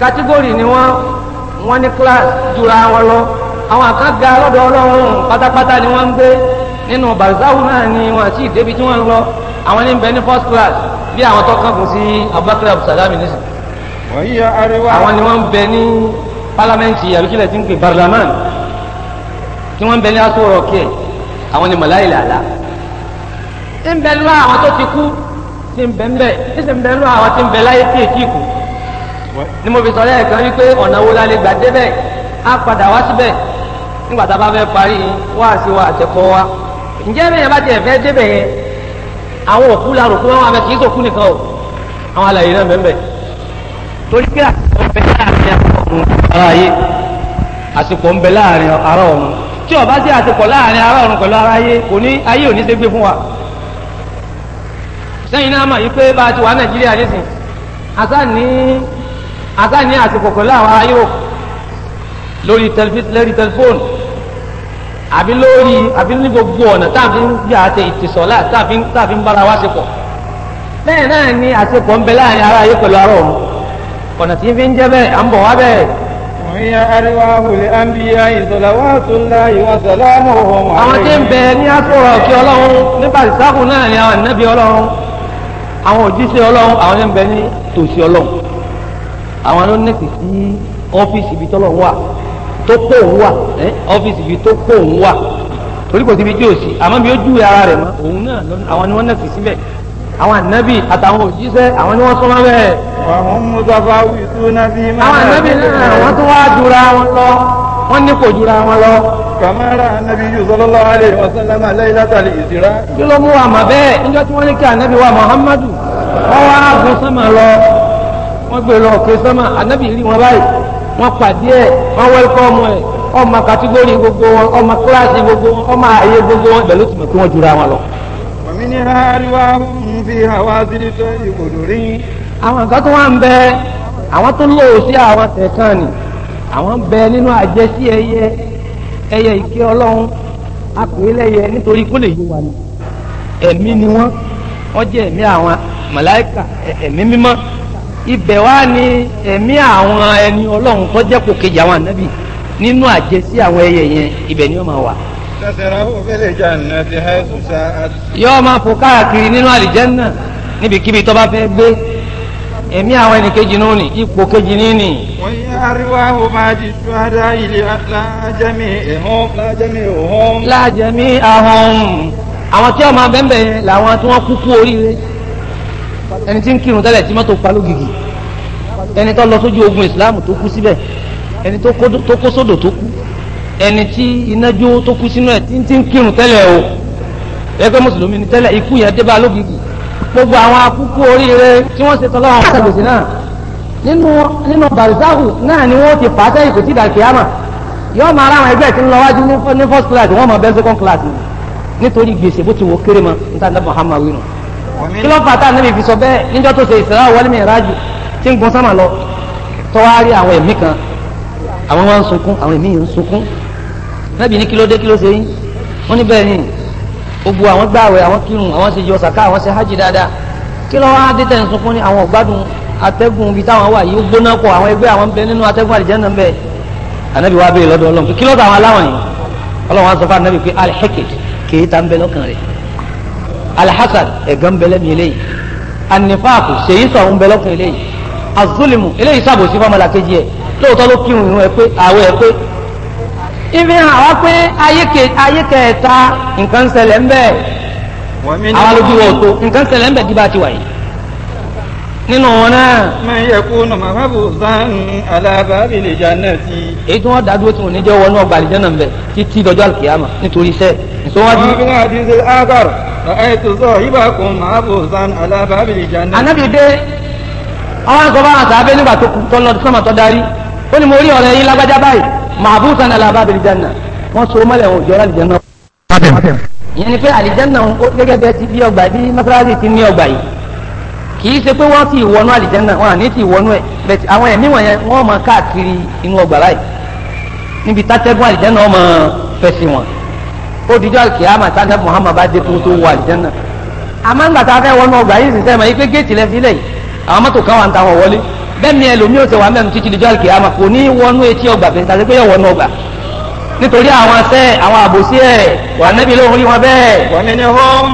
kátígórì ni wọ́n ní wọn lọ àwọn kan ga lọ́dọ̀ ọlọ́run pátápátá ni wọ́n ń gbé nínú barzahu náà ni wọ́n àti ìdébi tí wọ́n ń àwọn ní bẹ ní àwọn ni wọ́n ń bẹ ní pálámẹ́ǹtì àbíkílẹ̀ tí ń pè barlaman tí wọ́n ń bẹ ní aṣọ rọ̀kì ẹ̀ àwọn ni mọ̀láyì làlá ń bẹ lọ àwọn tó ti kú ti ń bẹ ń bẹ ń sì ń bẹ lọ àwọn ti ń bẹ láyé tí èkì kù ni mo fi sọ lẹ́ẹ̀kan wípé ọ̀nà wo la lè gbà débẹ̀ á padà wá síbẹ̀ nígbà tá a bá fẹ́ parí wáàsí wa àtẹ̀kọ́ wa ǹjẹ́ bẹ́ẹ̀ bá tiẹ̀ fẹ́ débẹ̀ yẹn àwọn òkú la rò pé wọ́n wà kì í sòkú nìkan o àwọn àlàyé náà bẹ́ẹ̀ torí pé àsìkò ń bẹ láàrin ọ̀run ara ayé àsìkò ń bẹ láàrin ara ọ̀run tí ó bá sí àsìkò láàrin ara ọ̀run pẹ̀lú ara ayé kò ní ayé ò ní ṣe gbé fún wa sẹ́yìn náà mọ̀ yìí pé bá a ti wà nàìjíríà nísìn àtàní àtàní àsìkò pẹ̀lú àwọn ará yòókù lórí lórí tẹlifóònù àbí lórí àbí ní gbogbo ọ̀nà táàbí ń gbà àti ìtìsọ̀lá táàbí ń bára wá ṣe pọ̀ bẹ́ẹ̀ náà ni àsìkò ń bẹ láàrin ara ayé pẹ̀lú ara ọ̀run ọ̀nà tí fi ń jẹ́ bẹ́ẹ̀ à ń bọ̀ wá bẹ́ẹ̀. wọ́n yá arwahul anbiya salawatullahi wa salamuhu. àwọn tí ń bẹ ní àtúrò ọ̀kí ọlọ́run nípa ìsákùn náà ni àwọn ànábì ọlọ́run àwọn òjíṣẹ́ ọlọ́run àwọn tí ń bẹ ní tòsí ọlọ́run àwọn ló nẹ́ẹ̀sì sí ọ́fíìsì ibi tọ́lọ́run wà tó pò ń wà ọ́fíìsì ibi tó pò ń wà torí kò síbi tí ò sí àmọ́ bí ó júwe ara rẹ̀ mọ́ òun náà àwọn ni wọ́n nẹ́ẹ̀sì síbẹ̀ àwọn ànábì àtàwọn òjíṣẹ́ àwọn ni wọ́n sọ máa bẹ́ẹ̀. àwọn mùsàfà wìtú náà fi máa. àwọn ànábì náà wọ́n tún wá jura wọn lọ wọ́n ní kò jura wọn lọ. kàmáàrà ànábì yìí sallallahu alaihi wasallam laylatal isra. kí ló mú wa mà bẹ́ẹ̀ níjọ́ tí wọ́n ní kí ànábì wa muhammadu wọ́n wá gun sánmà lọ wọ́n gbé lọ òkè sánmà ànábì rí wọn báyìí wọ́n pàdé ẹ̀ wọ́n wẹ́lkọ́mù ẹ̀ ọmọ kàtígórì gbogbo wọn ọmọ kíláàsì gbogbo minha alwahum fi hawazin tẹ́lẹ̀ kòdòrí. àwọn kan tó wá ń bẹ àwọn tó lò ó sí àwọn tẹ̀kan ni àwọn ń bẹ nínú àjẹsí ẹyẹ ẹyẹ ìké ọlọ́run apèélẹ́yẹ nítorí kó lè yí wa ni ẹ̀mí ni wọ́n wọ́n jẹ́ ẹ̀mí àwọn màláìkà ẹ̀mí mímọ́ ibẹ̀ wá ní ẹ̀mí àwọn ẹni ọlọ́run tó jẹ́ kò kejì àwọn ànábì nínú àjẹsí àwọn ẹyẹ yẹn ibẹ̀ ni wọ́n máa wà. مختصره في الجنة حيث ساءت yóò máa fò káàkiri nínú àlìjẹ́nà níbikíbi tó bá fẹ́ gbé èmi àwọn ẹnìkejì náà ní ipò kejì ní wọ́n yá ariwo àwọn máa di dúadá ilé lájẹ́mí ẹ̀hún lájẹ́mí ọ̀hún. lájẹ́mí ahọ́n àwọn tí wọ́n máa yẹn làwọn tí wọ́n kú kú oríire ẹni tí ń kírun tẹ́lẹ̀ tí mọ́tò pa lógìgì ẹni tó lọ sójú ogun ìsìláàmù tó kú síbẹ̀ ẹni tó kó sódò tó kú ẹni tí iná jó tó kú sínú ẹ̀ tí ń o ẹgbẹ́ mùsùlùmí ni tẹ́lẹ̀ ikú yẹn dé bá lógìkì gbogbo àwọn akúkú oríire tí wọ́n ṣe tọ́lá wọn fún àgbèsè náà nínú nínú barisahu náà ni wọ́n ti fà á sẹ́yìn kò tí ì dàkí àmà yọ máa ra àwọn ẹgbẹ́ tí ń lọ wájú ní first class wọ́n máa bẹ́ second class nítorí gbèsè bó ti kéré ma níta ní a sọ mẹ́bí ní kílódé kíló ṣe yín wọ́n ní bẹ́ẹ̀ ni gbogbo àwọn gbààwẹ̀ àwọn kírun àwọn ṣe yọ sàká àwọn ṣe hajj dáadáa kí lọ́wọ́ adétẹ̀ ń sunkún ní àwọn ọ̀gbádùn atẹ́gùn ibi táwọn wà yìí ó gbóná pọ̀ àwọn ẹgbẹ́ àwọn bẹ nínú atẹ́gùn àlìjẹ́nà ń bẹ ànábì wa bèèrè lọ́dọ̀ ọlọ́run kí lọ́dọ̀ àwọn aláwọ̀n yìí ọlọ́run wa sọ fún ànábì pé alhekit kìí ta ń bẹ lọ́kàn rẹ̀ alhasad ẹ̀gán ń bẹ anifaaku ṣèyí sọ ń bẹ lọ́kàn azulimu eléyìí sàbòsí fọmọlá kejì ẹ lóòótọ́ ló kírun ìrún ẹ pé àwẹ̀ ẹ pé ibi hàn wá pé ayé kẹta nǹkan ṣẹlẹ̀ ń bẹ̀ àwọn alójú wọ̀ tó nǹkan ṣẹlẹ̀ ń bẹ̀ dí bá ti wà yìí nínú wọn náà. máa yẹ kó nà máa bò sàn alábàárì lè jà náà sí. èyí tí wọn dá dúró tí wọn níjẹ wọnú ọgbà àlìjẹ náà ń bẹ títí dọjọ́ àlùkìyàmà nítorí iṣẹ́ ìsọwájú. wọn fi náà ti ṣe ágàrò ra'aytu sahibakum ma'abusan ala babil jannah anabi de àwọn ko ba ta be nígbà tó ku to lo sama to ó ní mo rí ọ̀rẹ́ yín lágbájá báyìí màbúta ní alábàbí alìjánná wọ́n so mọ́lẹ̀ wọn òjò alìjánná. ìyẹn ni pé alìjánná gẹ́gẹ́ bẹ́ẹ̀ ti bí ọgbà bí mọ́sálásí ti ní ọgbà yìí kì í ṣe pé wọ́n ti wọnú alìjánná wọn àní ti wọnú ẹ̀ bẹ̀tì àwọn ẹ̀mí wọ̀nyẹn wọ́n máa káàkiri inú ọgbà láì níbi tátẹ́gùn alìjánná wọn máa fẹ̀sì wọn ó dijọ́ alìkìyàmà tánà Muhammad bá dé kó tó wọ alìjánná àmọ́ ńgbà tá a fẹ́ wọnú ọgbà yìí sì sẹ́yìn mọ́ yìí pé géètì yìí àwọn mọ́tò kan ta wọn wọlé bẹ́ẹ̀ ni ẹlòmí ò ṣe wà mẹ́nu títí dijọ́ àlùkìyàmà kò ní wọnú etí ọgbà fi tàbí pé yóò wọnú ọgbà nítorí àwọn asẹ́ àwọn àbòsí ẹ̀ wà nẹ́bí lóhùn rí wọn bẹ́ẹ̀. wọ́n ní ní wọ́n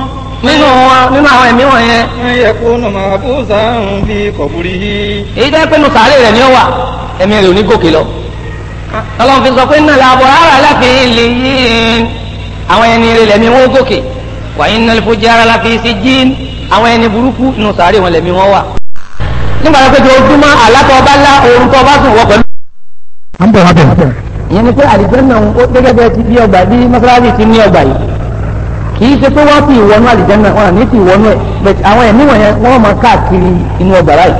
nínú wọn nínú àwọn ẹ̀mí wọn yẹn. ẹyẹ kó nù máa bó sáàrùn bí kọ̀bùrì yìí. èyí jẹ́ pé nu sàárè rẹ̀ ni ó wà ẹ̀mí rẹ̀ ò ní gòkè lọ. ọlọ́run fi sọ pé nínú àbọ̀ ara nígbà tó péjọ ojúmọ́ àlàkọ ọba lá orúkọ ọba sùn wọ pẹ̀lú. à ń bọ̀ wá bẹ̀rẹ̀. ìyẹn ni pé àlìjẹ́nà ó gẹ́gẹ́ bẹ́ẹ̀ ti bí ọgbà bí mọ́sálásì ti ní ọgbà yìí kì í ṣe pé wọ́n fi ìwọ́nú àlìjẹ́nà wọn àní fi ìwọ́nú ẹ̀ bẹ̀tẹ̀ àwọn ẹ̀mí wọ̀nyẹn wọ́n máa káàkiri inú ọgbà láì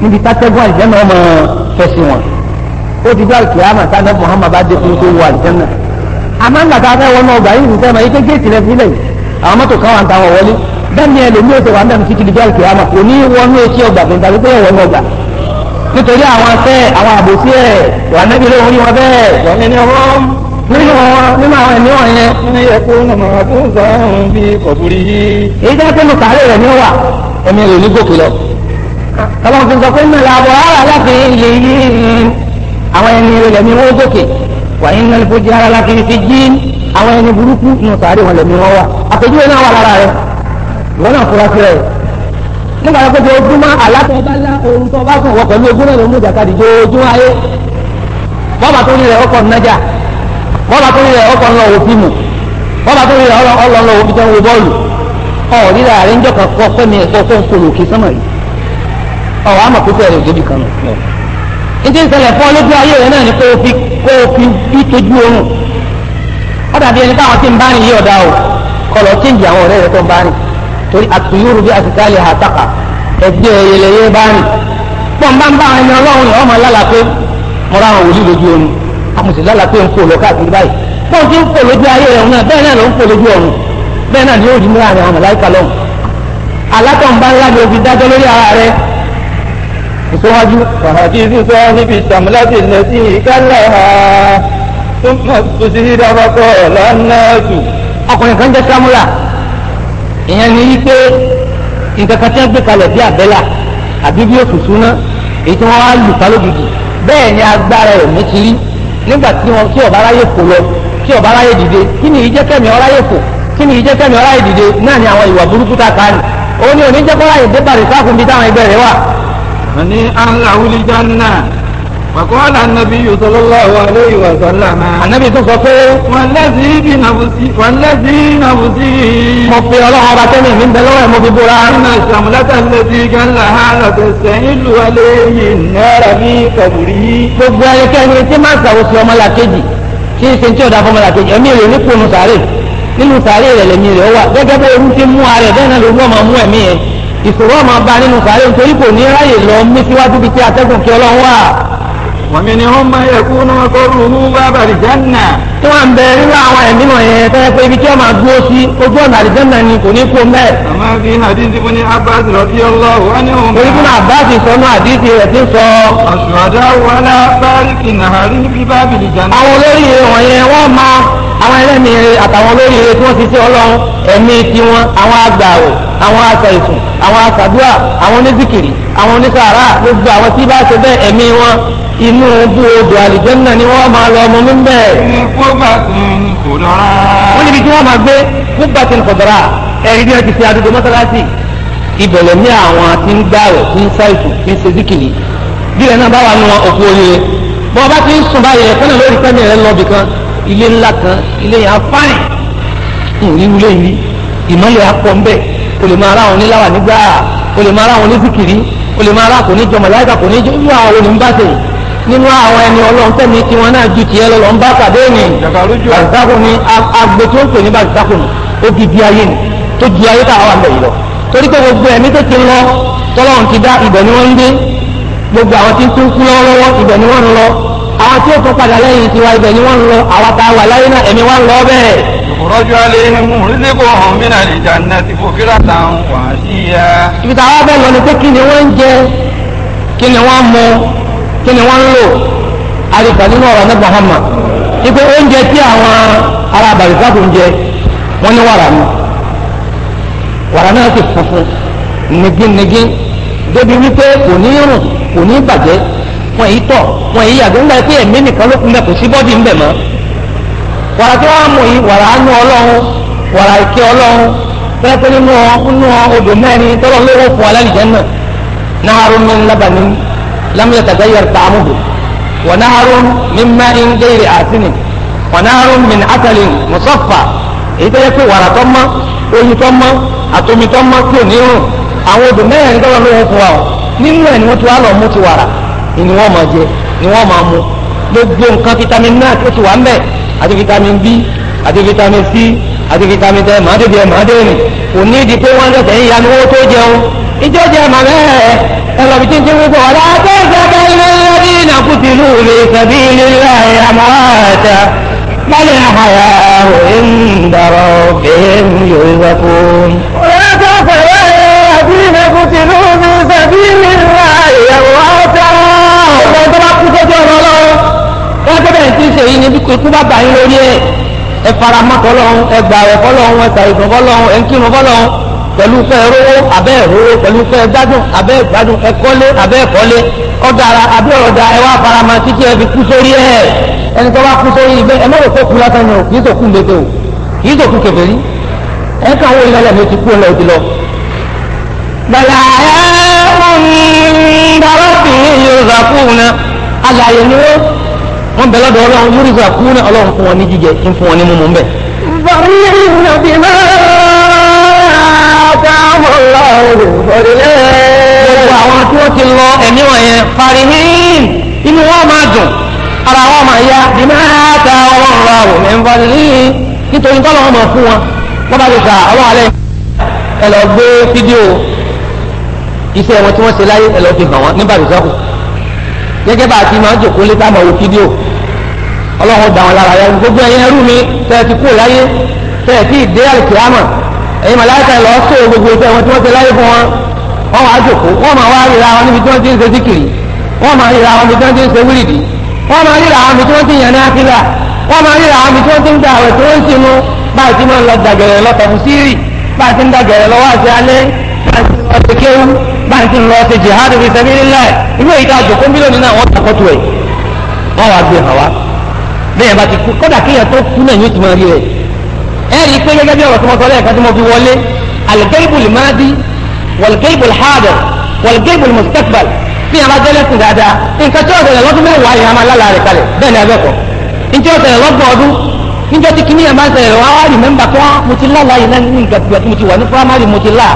níbi tátẹ́gùn àlìjẹ́nà wọn máa fẹ̀sìn wọn ó ti dá kìámà sáná Muhammad bá dé fún tó wọ àlìjẹ́nà àmọ́ ńgbà tá a fẹ́ wọnú bẹ́ẹ̀ ni ẹlòmí ò sọ̀rọ̀ àndàmì títí dìjọ́ ìkìyàmọ̀ kò ní wọnú etí ọgbà gbẹ̀ngà wípé ẹ̀wọ̀n ní ọgbà nítorí àwọn afẹ́ àwọn àbòsí ẹ̀ wà nẹ́bí lóhun rí wọn bẹ́ẹ̀ wọ́n ní ọwọ́ nínú wọn nínú àwọn ẹ̀mí wọn yẹn. nínú ẹ̀kọ́ nàmà fún sọ́run bí kọ̀bùrì yìí. èyí jẹ́ pé nùkàrí rẹ̀ ní wà ẹ̀mí rẹ̀ ní gòkè lọ. ọlọ́run fi sọ pé nínú làbọ̀ ara láti lè yí àwọn ẹni rẹ̀ ní wọ́n gòkè wà nínú ẹni fojú ara láti fi jí àwọn ẹni burúkú nùkàrí wọn lẹ̀mí wọn wà. àpèjúwe náà wà lára rẹ̀ wọn náà fura sí rẹ nígbà tó kọjá ojúmọ́ alátọba ńlá ohun tó bá kàn wọ pẹ̀lú ogún náà ló mú jàkadì jó ojúmọ́ ayé bọba tó ní rẹ ọkọ nájà bọba tó ní rẹ ọkọ ńlọ wò fíìmù bọba tó ní rẹ ọlọ ńlọ wò fi jẹun wò bọ́ọ̀lù ọ rírà rẹ ń jọkàn kọ fẹmi ẹkọ fún kòlò kí sọmọ yìí ọ wàá mọ pípẹ́ rẹ òjòbí kan nù. ètò ìṣẹ̀lẹ̀ fún ọlójú ayé rẹ náà ni kó o fi kó o fi fi tójú oorun ọ̀dàbí ẹni táwọn ti ń bá rìn yí ọ̀dà o kọlọ̀ chíǹjì àwọn ọ̀rẹ́ rẹ tó ń bá rìn torí àtúnyúrú bí àtìkálẹ̀ àtàkà ẹgbẹ́ ẹyẹlẹyẹ bá rìn pọ́n bá ń bá àwọn ẹni ọlọ́run ni ọmọ lálàpé mo ra àwọn wòlíì lójú oorun àmùsùn lálàpé ń fò lọ káàkiri báyìí pọ́n tí ń fò lójú ayé rẹ̀ náà bẹ́ẹ̀ náà ló ń fò lójú ọ̀run bẹ́ẹ̀ náà ni yóò di múra rẹ̀ àwọn màláíkà lọ́hùn alákọ̀ọ́nba ńlá ni òfin dájọ́ lórí ara rẹ̀ ọkùnrin kan jẹ́ sámúlà ìyẹn ni wípé nǹkan kan tí wọ́n gbé kalẹ̀ bí àbẹ́là àbí bí òkùnkùn náà èyí tí wọ́n wá lù pa lójijì bẹ́ẹ̀ ni agbára ẹ̀mí ti rí nígbà tí wọn tí ọba aráyè kò lọ tí ọba aráyè dìde kí ni ìjẹ́ kẹ́mi ọráyè kò kí ni ìjẹ́ kẹ́mi ọráyè dìde náà ni àwọn ìwà burúkú tá a ní. ó ní oníjẹ́kọ́ láyè sáfún bíi táwọn ẹgbẹ́ rẹ̀ wà. àní àlàó lè náà wàkọ́lá nàbí sallallahu alayhi wa sallam. ànábì tó sọ pé. wọn lẹ́sí bí nàbùsí wọn lẹ́sí nàbùsí. mo fi ọlọ́run ọba tẹ́lẹ̀ mi bẹ lọ́wọ́ ẹ̀ mo fi bóra. iná ìsàmúlẹ́tà lẹ́sí gánlá lọ́tẹ̀ sẹ́yìn lu alẹ́ yìí náírà bí kàbùrí. gbogbo ẹnikẹ́ni tí máa ṣàwòsí ọmọlàkejì tí ń ṣe tí ọ̀dà fọmọlàkejì ẹ̀mí rẹ̀ ní kùnú sàárè nínú sàárè rẹ̀ lẹ́mí rẹ̀ wà gẹ́gẹ́ bó ti mú ara bẹ́ẹ̀ náà lórí ọmọ mú ẹ̀mí yẹn ìṣòro ọmọ bá nínú sàárè nítorí kò ní ráyè lọ mí síwájú bíi tí atẹ́gùn kí ọlọ́run wà. ومنهم من يكون مقره باب الجنة tó wà ń bẹ nínú àwọn ẹ̀mí wọ̀nyẹn tẹ́lẹ̀ pé ibi tí wọ́n máa dúró sí ojú ọ̀nà àlìjẹ́nà ni kò ní kó mẹ́. àmọ́ fi hadith fún ní abbas rọ̀bí ọlọ́wọ́ ní òun. torí fún abbas sọnù hadith rẹ̀ ti sọ. àṣùwádà wà lá báríkì nàhárí bí bábìlì jàǹdà. àwọn olórí wọ̀nyẹn wọ́n máa àwọn ẹlẹ́mìí àtàwọn olórí rẹ̀ tí wọ́n ti ṣe ọlọ́run ẹ̀mí tiwọn àwọn agbàwò àwọn asàìsùn àwọn asàdúrà àwọn onízìkìrì àwọn onísàárà gbogbo àwọn tí bá ṣe bẹ́ẹ̀ ẹ̀mí wọn inú bú odò àlìjẹ́nà ni wọ́n máa lọ ọmọ mi ń bẹ̀. wọ́n níbi tí wọ́n máa gbé kúbàtìn kọ̀dọ̀rà ẹ̀rí bí wọ́n ti ṣe àdúgbò mọ́sálásì ìbẹ̀lẹ̀ ní àwọn tí ń gbààwẹ̀ tí ń ṣàìsù tí ń ṣe zikiri bí ẹ̀ náà bá wà nù ọ̀pọ̀ oríire bọ́n bá ti ń sùn báyẹn kọ́nà lórí pẹ́ẹ́nì rẹ̀ lọ́bì kan ilé ńlá kan ilé yẹn afáì ń bẹ̀ o lè máa nínú àwọn ẹni ọlọ́run tẹ́mi tí wọ́n náà ju tiẹ̀ lọ lọ́n bá pàdé ni bàtìsákò ni agbo tí ó ń pè ní bàtìsákò ni ó di di ayé ni tó di ayé tá a wà lẹ̀ yìí lọ torí pé gbogbo ẹ̀mí tó ti lọ tọ́lọ́run ti dá ibẹ̀ ni wọ́n ń gbé gbogbo àwọn tí ń tún kú lọ́wọ́lọ́wọ́ ibẹ̀ ni wọ́n ń lọ àwọn tí ó tún padà lẹ́yìn tiwa ibẹ̀ ni wọ́n ń lọ àwọn tá a wà láyé náà ẹ̀mí wa ń lọ bẹ́ẹ̀. rọ́jò alẹ́ ń mú kí ni wọ́n ń lò àlùfà nínú ọ̀rọ̀ ní Muhammad ipe oúnjẹ tí àwọn ará bàrìsáàbù ń jẹ wọ́n ní wàrà mi wàrà náà sì funfun nìgínnìgín débi wípé kò ní rùn kò ní bàjẹ́ wọn èyí tọ̀ wọn èyí yàgbẹ́ ńlá pé ẹ̀mí nìkan ló kún bẹ́ẹ̀ kò sí bọ́dì ńbẹ̀ mọ́ wàrà tí wọ́n á mọ̀ yìí wàrà ánú ọlọ́run wàrà ìkẹ́ ọlọ́run pẹ́ẹ́pẹ́ nínú odò mẹ́rin tọ́lọ́ lówó fún alálìjẹ́ náà náà arúmí ńlábàánu لم يتغير طعمه ونهر من ماء غير آسن ونهر من عسل مصفى èyí tó yẹ pé wàrà tó mọ́ oyin tó mọ́ àtomi tó mọ́ tí ò ní rùn àwọn odò mẹ́rin tó wà lóhùn fún wa o nínú ẹ̀ ni wọ́n ti wá lọ mú ti wàrà ni wọ́n máa jẹ ni wọ́n máa mu gbogbo nǹkan vitamin náà tó ti wà ń bẹ̀ àti vitamin B àti vitamin C àti vitamin d màá débi ẹ̀ màá dé rìn kò ní ìdí pé wọ́n ń dẹ̀sẹ̀ ń yanu owó tó jẹun ìjọ jẹ màmẹ ẹlọbi tí ń ti wúgbọ wà láti ṣàkà ilé ẹbí náà kú ti lù mí sàbí lílá àmàtà bálẹ̀ àhàyà òun dàrọ̀ bẹ́ẹ̀ ń yọ ìwà fún. ọ̀rẹ́ tó fẹ̀rẹ̀ ẹbí náà kú ti lù mí sàbí lílá àmàtà. ọ̀rẹ́ tó bá kú sójú ọ̀rọ̀ lọ́wọ́ wọ́n tó bẹ̀rẹ̀ tí ń ṣe yìí ni bí bá bá lórí ẹ̀ ẹ faramọ́ kọ́ ẹ gbà ẹ̀ kọ́ ẹ sàrìgbọ̀n kọ́ lọ́wọ́ ẹ ń kírun kọ́ pẹ̀lú fẹ́ rówó abẹ́ rówó pẹ̀lú fẹ́ gbádùn abẹ́ gbádùn ẹ̀kọ́lé abẹ́ ẹ̀kọ́lé ọ̀dàrà abẹ́ ọ̀dà ẹ wá farama títí ẹ fi kú sórí ẹ̀ ẹni tó bá kú sórí ibẹ̀ ẹ mọ̀rọ̀ tó kú lásán ni o kì í tó kú mbete o kì í tó kú kèfèrí ẹ kàn wọ́n ilẹ̀ mi ti kú ọ̀nà òdi lọ. bàlá ẹ yorùbá kú ni wọ́n wọ́n bẹ̀rẹ̀ lọ́dọ̀ ọlọ́run yorùbá kú na fún wọn ní jíjẹ fún wọn ní mímú bẹ́ẹ̀. bàrẹ́ ìrìnàbí náà mọ̀ lọ́rùn òdìlẹ́. gbogbo àwọn tí wọ́n ti lọ ẹ̀mí wọn yẹn farihin inú wọn máa dùn ara wọn máa ya bí máa ta ọlọ́run ra òun ẹ̀ ń farihi nítorí tọ́lọ́ wọn mọ̀ fún wọn wọ́n bá lè ta àwọn alẹ́ ẹ lọ gbé fídíò iṣẹ́ wọn tí wọ́n ṣe láyé ẹ lọ fi hàn wọ́n ní bàrùsákù gẹ́gẹ́ bá a ti máa jòkó lé táwọn wo fídíò ọlọ́run dà wọn lára yẹn gbogbo ẹ̀yẹ ẹrú mi tẹ́ ẹ ti kú láyé tẹ́ ẹ ti dé àlùkìyámà ẹ̀yin màláìka lọ sọ gbogbo iṣẹ́ wọn tí wọ́n ti láyé fún wọn wọ́n wàá jòkó wọ́n máa wá ríra wọn níbi tí wọ́n ti ń ṣe síkìrì wọ́n máa ríra wọn níbi tí wọ́n ti ń ṣe wíìdì wọ́n máa ríra wọn níbi tí wọ́n ti ń yàn ní akíra wọ́n máa ríra wọn níbi tí wọ́n ti ń da àwẹ̀ tí wọ́n ń sinú báyìí tí wọ́n lọ dàgẹ̀rẹ̀ lọ tọ̀fù sírì báyìí tí ń dàgẹ̀rẹ̀ lọ wá sí alẹ́ báyìí tí wọ́n ti kéwú báyìí tí ń lọ sí ẹ rí i pé gẹ́gẹ́ bí ọ̀rọ̀ tí mo sọ lẹ́ẹ̀kan tí mo fi wọlé al-gaybul madi wal-gaybul hadir wal-gaybul mustaqbal bí àwọn ajẹ́lẹ̀ sùn dáadáa nǹkan tí ọ̀sẹ̀ lọ́dún mẹ́wàá yìí a máa lálàá rẹ̀ kalẹ̀ bẹ́ẹ̀ ni abẹ́kọ̀ njẹ́ ọ̀sẹ̀ lọ́gbọ̀n ọdún njẹ́ ti kíní ẹ̀ máa ń sẹ̀ rẹ̀ wá rí mẹ́mbà tó wá mo ti lálàá yìí lẹ́nu nígbà tí mo ti wà ní primary mo ti lá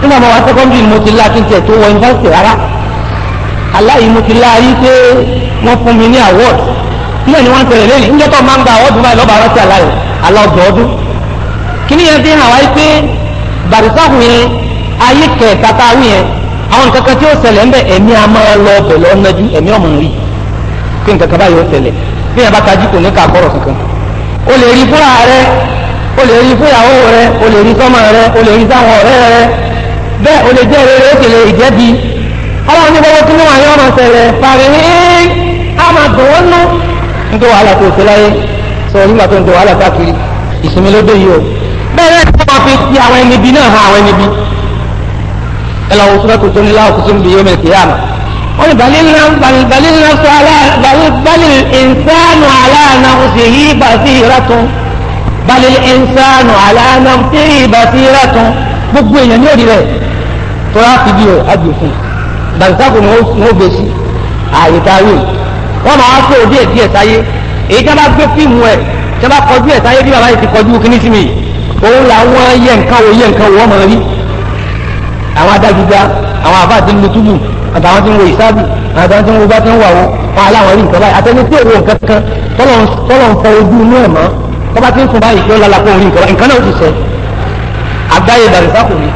nígbà máa wá secondary mo ti lá kí n tẹ̀ tó wọ university rárá aláyìí mo ti lá rí pé wọ́n fún mi ní award nígbà ni wọ́n ń lẹ́yìn njẹ́ tó máa ń gba award báyìí lọ́ba arọ́sí aláyìí alọ́dọọdún kíní yẹn fi hàn wáyé pé bàrìsáhùn yẹn ayé kẹta tá a wí yẹn àwọn nǹkan tí ó ṣẹlẹ̀ ń bẹ̀ ẹ̀mí a máa lọ bẹ̀ lọ́nàjú ẹ̀mí ọmọ rí pé nǹkan kan báyìí ó ṣẹlẹ̀ bí yẹn bá kò ní ká kọ́rọ̀ kankan o lè rí fúnra rẹ o lè o lè rí sọ́mọ rẹ o lè rí sáwọn rẹ bẹ́ẹ̀ o o ìjẹ́bi kí ṣẹlẹ̀ ní sọ nígbà tó ń jẹ wàhálà káàkiri ìsinmi ló dé yìí o bẹ́ẹ̀ ni wọ́n fi ti àwọn ẹni bí náà hàn àwọn ẹni bí ẹ lọ́wọ́ sọ́dọ̀ tó tóní láwọ̀ tuntun bí yóò mẹ́tì yáàmà wọ́n ní balẹ̀ ńlá sọ balẹ̀ ìnsánù aláàánà òsè yìí bá sí ìratún balẹ̀ ìnsánù aláàánà òsè yìí bá sí ìratún gbogbo èèyàn ní òrì rẹ̀ tó rà fi bí o àgbè fún bàtàkùn ní ó gbèsè àyè táwé wọ́n máa kó o díẹ̀ díẹ̀ sáyé èyí tí wọ́n bá gbé fíìmù ẹ̀ tí wọ́n bá kọjú ẹ̀ sáyé bí bàbá yìí ti kọjú kíní sí mi òun làwọn yẹ nǹkan wo yẹ nǹkan wo ọmọ rí àwọn adájúdá àwọn àbá àti nùtúbù àtàwọn tí ń wo ìsáàbù àtàwọn tí ń wo bá tí ń wà wo wọn aláwọn rí nǹkan báyìí àtẹni tí èrò nǹkan kan tọ́lọ̀ ń fọ ojú inú ẹ̀ mọ́ tọ́ba tí ń sùn báyìí tó lálàpọ̀ orí nǹkan nǹkan náà ó ti sẹ́ àgbáyé dàrísàkù mi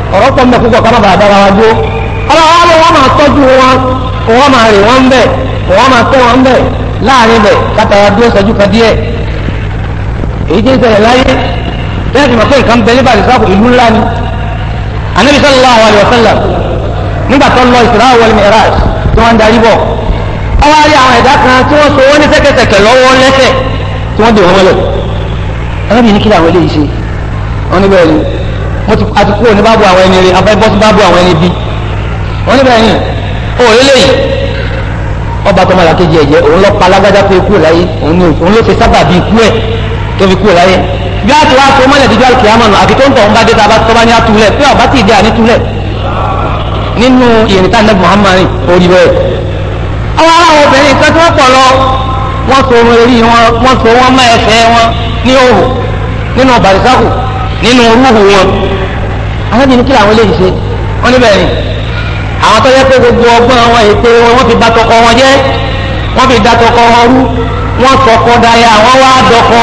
ọ̀rọ̀ láàrin bẹ̀ látara dúró sẹ́jú kan díẹ̀ èyí tí ń ṣẹlẹ̀ láyé bẹ́ẹ̀ ni mo pé nǹkan bẹ ní bàtí sáàkù ìlú ńlá ni anabi sallallahu alayhi wa sallam nígbà tó lọ Isra wal Mi'raj tí wọ́n ń darí bọ̀ ọwọ́ àrí àwọn ẹ̀dá kan tí wọ́n so wọ́n ní sẹ́kẹsẹ̀kẹ̀ lọ́wọ́ lẹ́sẹ̀ tí wọ́n dè wọ́n mọ́lẹ̀ ẹ̀rọ ní kí làwọn eléyìí ṣe wọ́n níbẹ̀ ni mo ti àti kúrò ní bábu àwọn ẹni rẹ̀ abẹ́ bọ́sí bábu àwọn ẹni bí wọ́n níbẹ̀ ni òòlélẹ́yìí ọba tó máa làkejì ẹ̀jẹ̀ òun lọ pa alágbádá pé kú láyé òun ló fi sábà bíi kú ẹ̀ tó fi kú láyé bí a ti wá tó mọ́lẹ̀ dídí alùpùpù àti tó ń tọ̀ ń bá dé tá a bá tọ́ba ní atúlẹ̀ pé ọba ti dé àní túlẹ̀ nínú ìrìntà nẹ́bù muhammad orí bẹ́ẹ̀. àwọn aláwọ̀ obìnrin kan tí wọ́n pọ̀ lọ wọ́n so wọn rí wọn wọ́n so wọn mọ́ ẹsẹ̀ wọn ní òhù nínú bàrísákù nínú rúhù wọn. alábìnrin àwọn tó yẹ pé gbogbo ọgbọ́n wọn ète wọn fi bà tọkọ wọn jẹ́ wọn fi da tọkọ wọn rú wọn sọkọ daya wọn wá dọkọ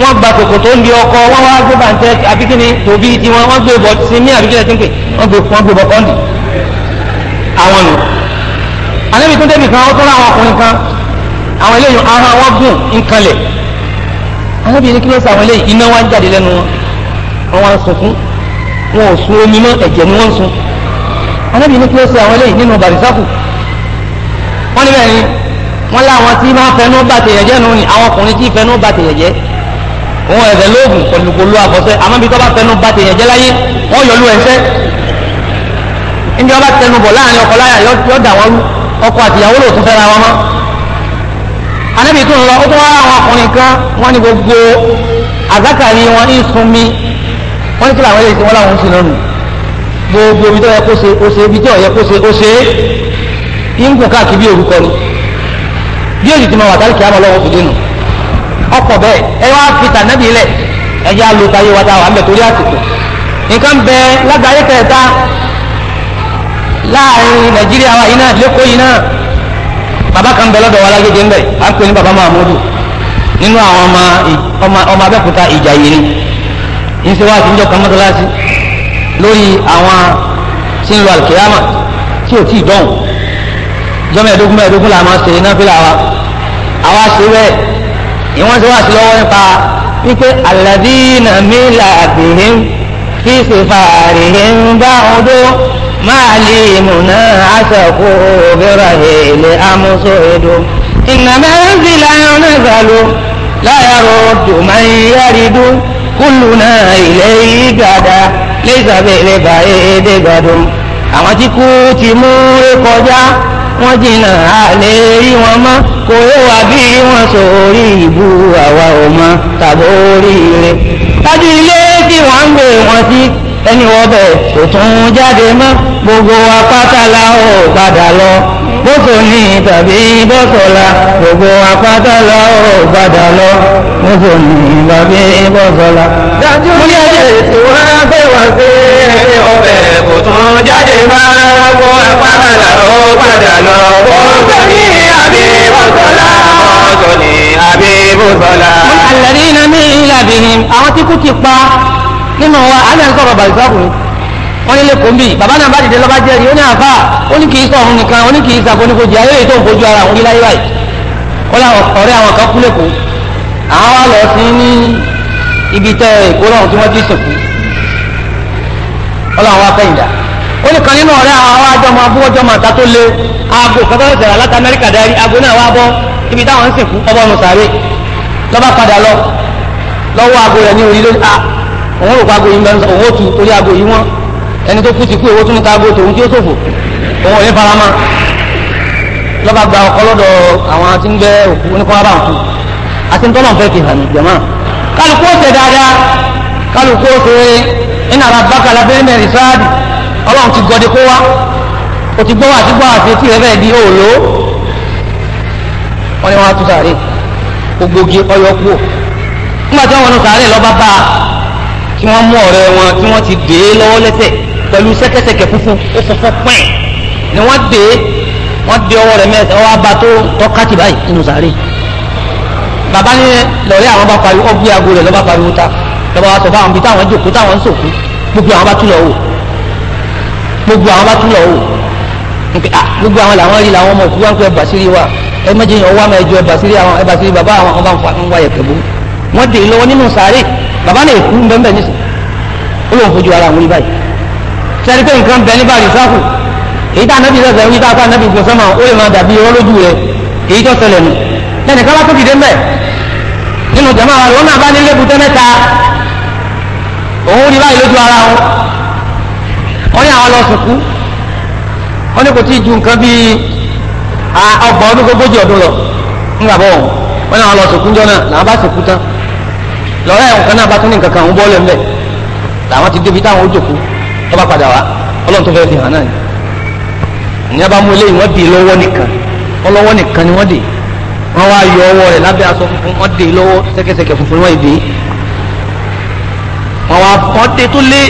wọn gba kòkò tó ń di ọkọ wọn wá gbé bàtẹ àbíkíni tòbí tiwọn wọn gbé bọ sinmi àbíkíni ti ń pè wọn gbé wọn gbé bọ kọ́ńdì àwọn nù. àlébi tó débi kan ó tún láwọn ọkùnrin kan àwọn eléyìí ara wọn gùn nǹkan lẹ̀ àlébi ní kí àwọn eléyìí iná wá jáde lẹ́nu wọn wọn wá sunkún wọn ò sun omi mọ́ ẹ̀jẹ̀ ni wọ́n sun anábì ní kí ó ṣe àwọn eléyìí nínú bàrìsákù wọ́n ní bẹ́ẹ̀ ni wọ́n láwọn tí máa fẹnú bàtẹ̀yẹ̀jẹ́ nù ni àwọn ọkùnrin tí fẹnú bàtẹ̀yẹ̀jẹ́ wọn ẹ̀fẹ̀ lóògùn kọlùkọlù àbọ̀sẹ̀ àmọ́ bí tọ́ba fẹnú bàtẹ̀yẹ̀jẹ́ láyé wọ́n yọ lú ẹsẹ̀ níbi ọba tẹnu bọ̀ láàrin ọkọ láyà yọ dà wọ́n ọkọ àtìyàwó lòtún fẹ́ra wọn mọ́ anábì tó ń lọ ó tó wá àwọn ọkùnrin kan wọ́n ní gbogbo àzákàrí wọn ń sunmi wọ́n ní kí gbogbo ibi tó yẹ kó ṣe ó ṣe ibi tí yẹ kó ṣe ó ṣe é ń gùn káàkiri bí orúkọ ni bí èyí ti máa wà tálíkì àmọ́ lọ́wọ́ fìdí nù ọkọ̀ bẹ́ẹ̀ ẹ wá fi tànẹ́bì lẹ̀ ẹ jẹ́ àlòkà yé wa ta wà ń bẹ̀ torí àsìkò nǹkan bẹ lágbàáyé kẹta láàrin nàìjíríà wa yìí náà lẹ́kọ̀ọ́ yìí náà bàbá kan bẹ lọ́dọ̀ wa lágbègbè ń bẹ̀ à ń pè ní bàbá Mahmudu nínú àwọn ọmọ ọmọ Abẹ́òkúta ìjà yìí ni ń ṣe wá àtijọ́ kan mọ́tọ́lá sí lórí àwọn tí ń lo alikiyama tí ò tí ì dọ̀hùn jọmọ ẹ̀dógún mẹ́ẹ̀ẹ́dógún la máa ṣe náfìlà wa àwa ṣe bẹ́ẹ̀ ìwọ́n ti wá sí lọ́wọ́ nípa wípé alladina mílà àbìrín fi ṣèfà àríhìn bá ọdún máa lè múná àṣàkó òbẹ̀rẹ̀ èlé amúṣọ èdò ìnàmẹ́ ńlí láyọ̀ náà gbàlú láyàrá ọdún máa ń yáridú kúlù náà ilé yìí gàdá lẹ́yìn ìsàbẹ̀rẹ̀ bá èdè gbàdùn àwọn tí kú ti mú rékọjá e wọ́n jìnnà a lè rí wọn mọ́ kò yóò wá bí wọ́n sórí ìbú àwa ò mọ́ tàbí oríire tájú ilé tí wọ́n ń gbé wọn sí ẹni wọ́bẹ̀ kò tún jáde mọ́ gbogbo apátálá ò padà lọ bókò ní tàbí bọ́kọ̀lá gbogbo àpáta lọ ò padà lọ bókò ní tàbí bọ́kọ̀lá. dájú ní ẹ̀jẹ̀ tí wọ́n fẹ́ wá sí ọbẹ̀ kò tún jáde máa wọ àpáta lọ ò padà lọ bókò ní àbí bọ́kọ̀lá bókò ní àbí bọ́kọ̀lá. alẹ́ ní iná mi ìlà bìíní àwọn tí kú ti pa nínú wa alẹ́ ń sọ̀rọ̀ bàbá ìsọ́kùnrin wọ́n nílé kòmbì bàbá náà bá dìde lọ́ba jẹ́rìí ó ní àfa ó ní kì í sọ̀rọ̀ nìkan ó ní kì í sàkóníkojì ayé èyí tó ń fojú ara àwọn iláyé báyìí ó lọ ọ̀rẹ́ àwọn kan kú lẹ́kọ̀ọ́ àwọn wa lọ sí ní ibi tẹ èkó náà tí wọ́n ti sìnkú ó lọ àwọn afẹ́yìndà ó ní kan nínú ọ̀rẹ́ àwọn àjọ ọmọ abúwọ́jọ́ máa ta tó lé aago kọ́tọ́tọ́ tẹ̀rẹ̀ láti amẹ́ríkà darí aago náà wá bọ́ ibi tu torí aago yìí ẹni tó kú ti kú èwo tún ká gbó tòun tí ó ṣòfò òun ò ní farama lọ́ba gba ọkọ lọ́dọ̀ àwọn tí ń gbẹ́ òkú oníkọ́ bá ń kú àti nítorí wọn fẹ́ fi hàn jẹ̀mọ́ kálukú ó ṣe dáadáa kálukú ó ṣe iná ara bákà lábẹ́ mẹ́rin sáàdì ọlọ́run ti gọdẹ kó wá o ti gbọ́ wá àti gbọ́ àti etí rẹ bẹ́ẹ̀ di òòló wọn ni wọn á tún sáré gbogbo ogi ọyọ kú ò nígbà tí wọn wọnú sáré lọ́ba bá kí wọ́n mú ọ̀rẹ́ wọn tí wọ́n ti dè é lọ́wọ́ lẹ́sẹ̀ pẹ̀lú sẹ́kẹ́sẹ́kẹ́ funfun ó funfun pẹ́ẹ́n ni wọ́n dé wọ́n dé ọwọ́ rẹ̀ mẹ́ta ọwọ́ abá tó tọ́kátì báyìí nínú sàárè bàbá ní lọ́rẹ́ àwọn bá pariwo ọgbẹ́ aago rẹ̀ lọ́ba pariwo ta lọ́ba wa sọ fún àwọn ibi táwọn jòkó táwọn ń sòkú gbogbo àwọn bá tún lọ wò gbogbo àwọn bá tún lọ wò gbogbo àwọn làwọn rí làwọn ọmọ òkú wọn pé basiri wa ẹ méjì yẹn ọwọ́ àmọ́ ẹjọ́ basiri àwọn ẹ basiri bàbá àwọn ọba ń wá yẹ̀kẹ́ bó wọ́n dè lọ́wọ́ nínú sàárè bàbá náà èkú ń bẹ́ẹ̀ bẹ́ẹ̀ nísìnyí ó lóun fojú ara àwọn orí báyìí sẹ́ni pé nǹkan bẹ nígbà rí sáfù èyí tá anábì sọ̀tẹ̀ wí tápá anábì gbọ̀n sọ́mà ó lè máa dàbí irọ́ lójú rẹ èyí tó ṣẹlẹ̀ nù lẹ́nu ká bá tó dìde mbẹ́ nínú jama wa lọ́nà bá nílé butẹ́ mẹ́ta òun rí báyìí lójú ara wọn wọ́n ní àwọn lọ sùkú wọ́n ní kò tí ì ju nǹkan bíi ọgbọ̀n ọdún gbogójì ọdún lọ ńgbà bọ̀ wọ́n ní àwọn lọ sùkú jọ làwọn bá sùkú tán lọ́rẹ́ ẹ̀wọ̀n kan náà bá tún ní nǹkan kan òun bọ́ lẹ́ńbẹ̀ làwọn ti débi táwọn ó jòkó ọba padà wá ọlọ́run tó fẹ́ fi hàn náà ni ìyá bá mú eléyìí wọ́n dè lọ́wọ́ nìkan ọlọ́wọ́ nìkan ni wọ́n dè wọ́n wá yọ ọwọ́ rẹ̀ lábẹ́ aṣọ funfun wọ́n dè lọ́wọ́ sẹ́kẹsẹkẹ funfun wọ́n dè wọ́n wá wọ́n dè tó lé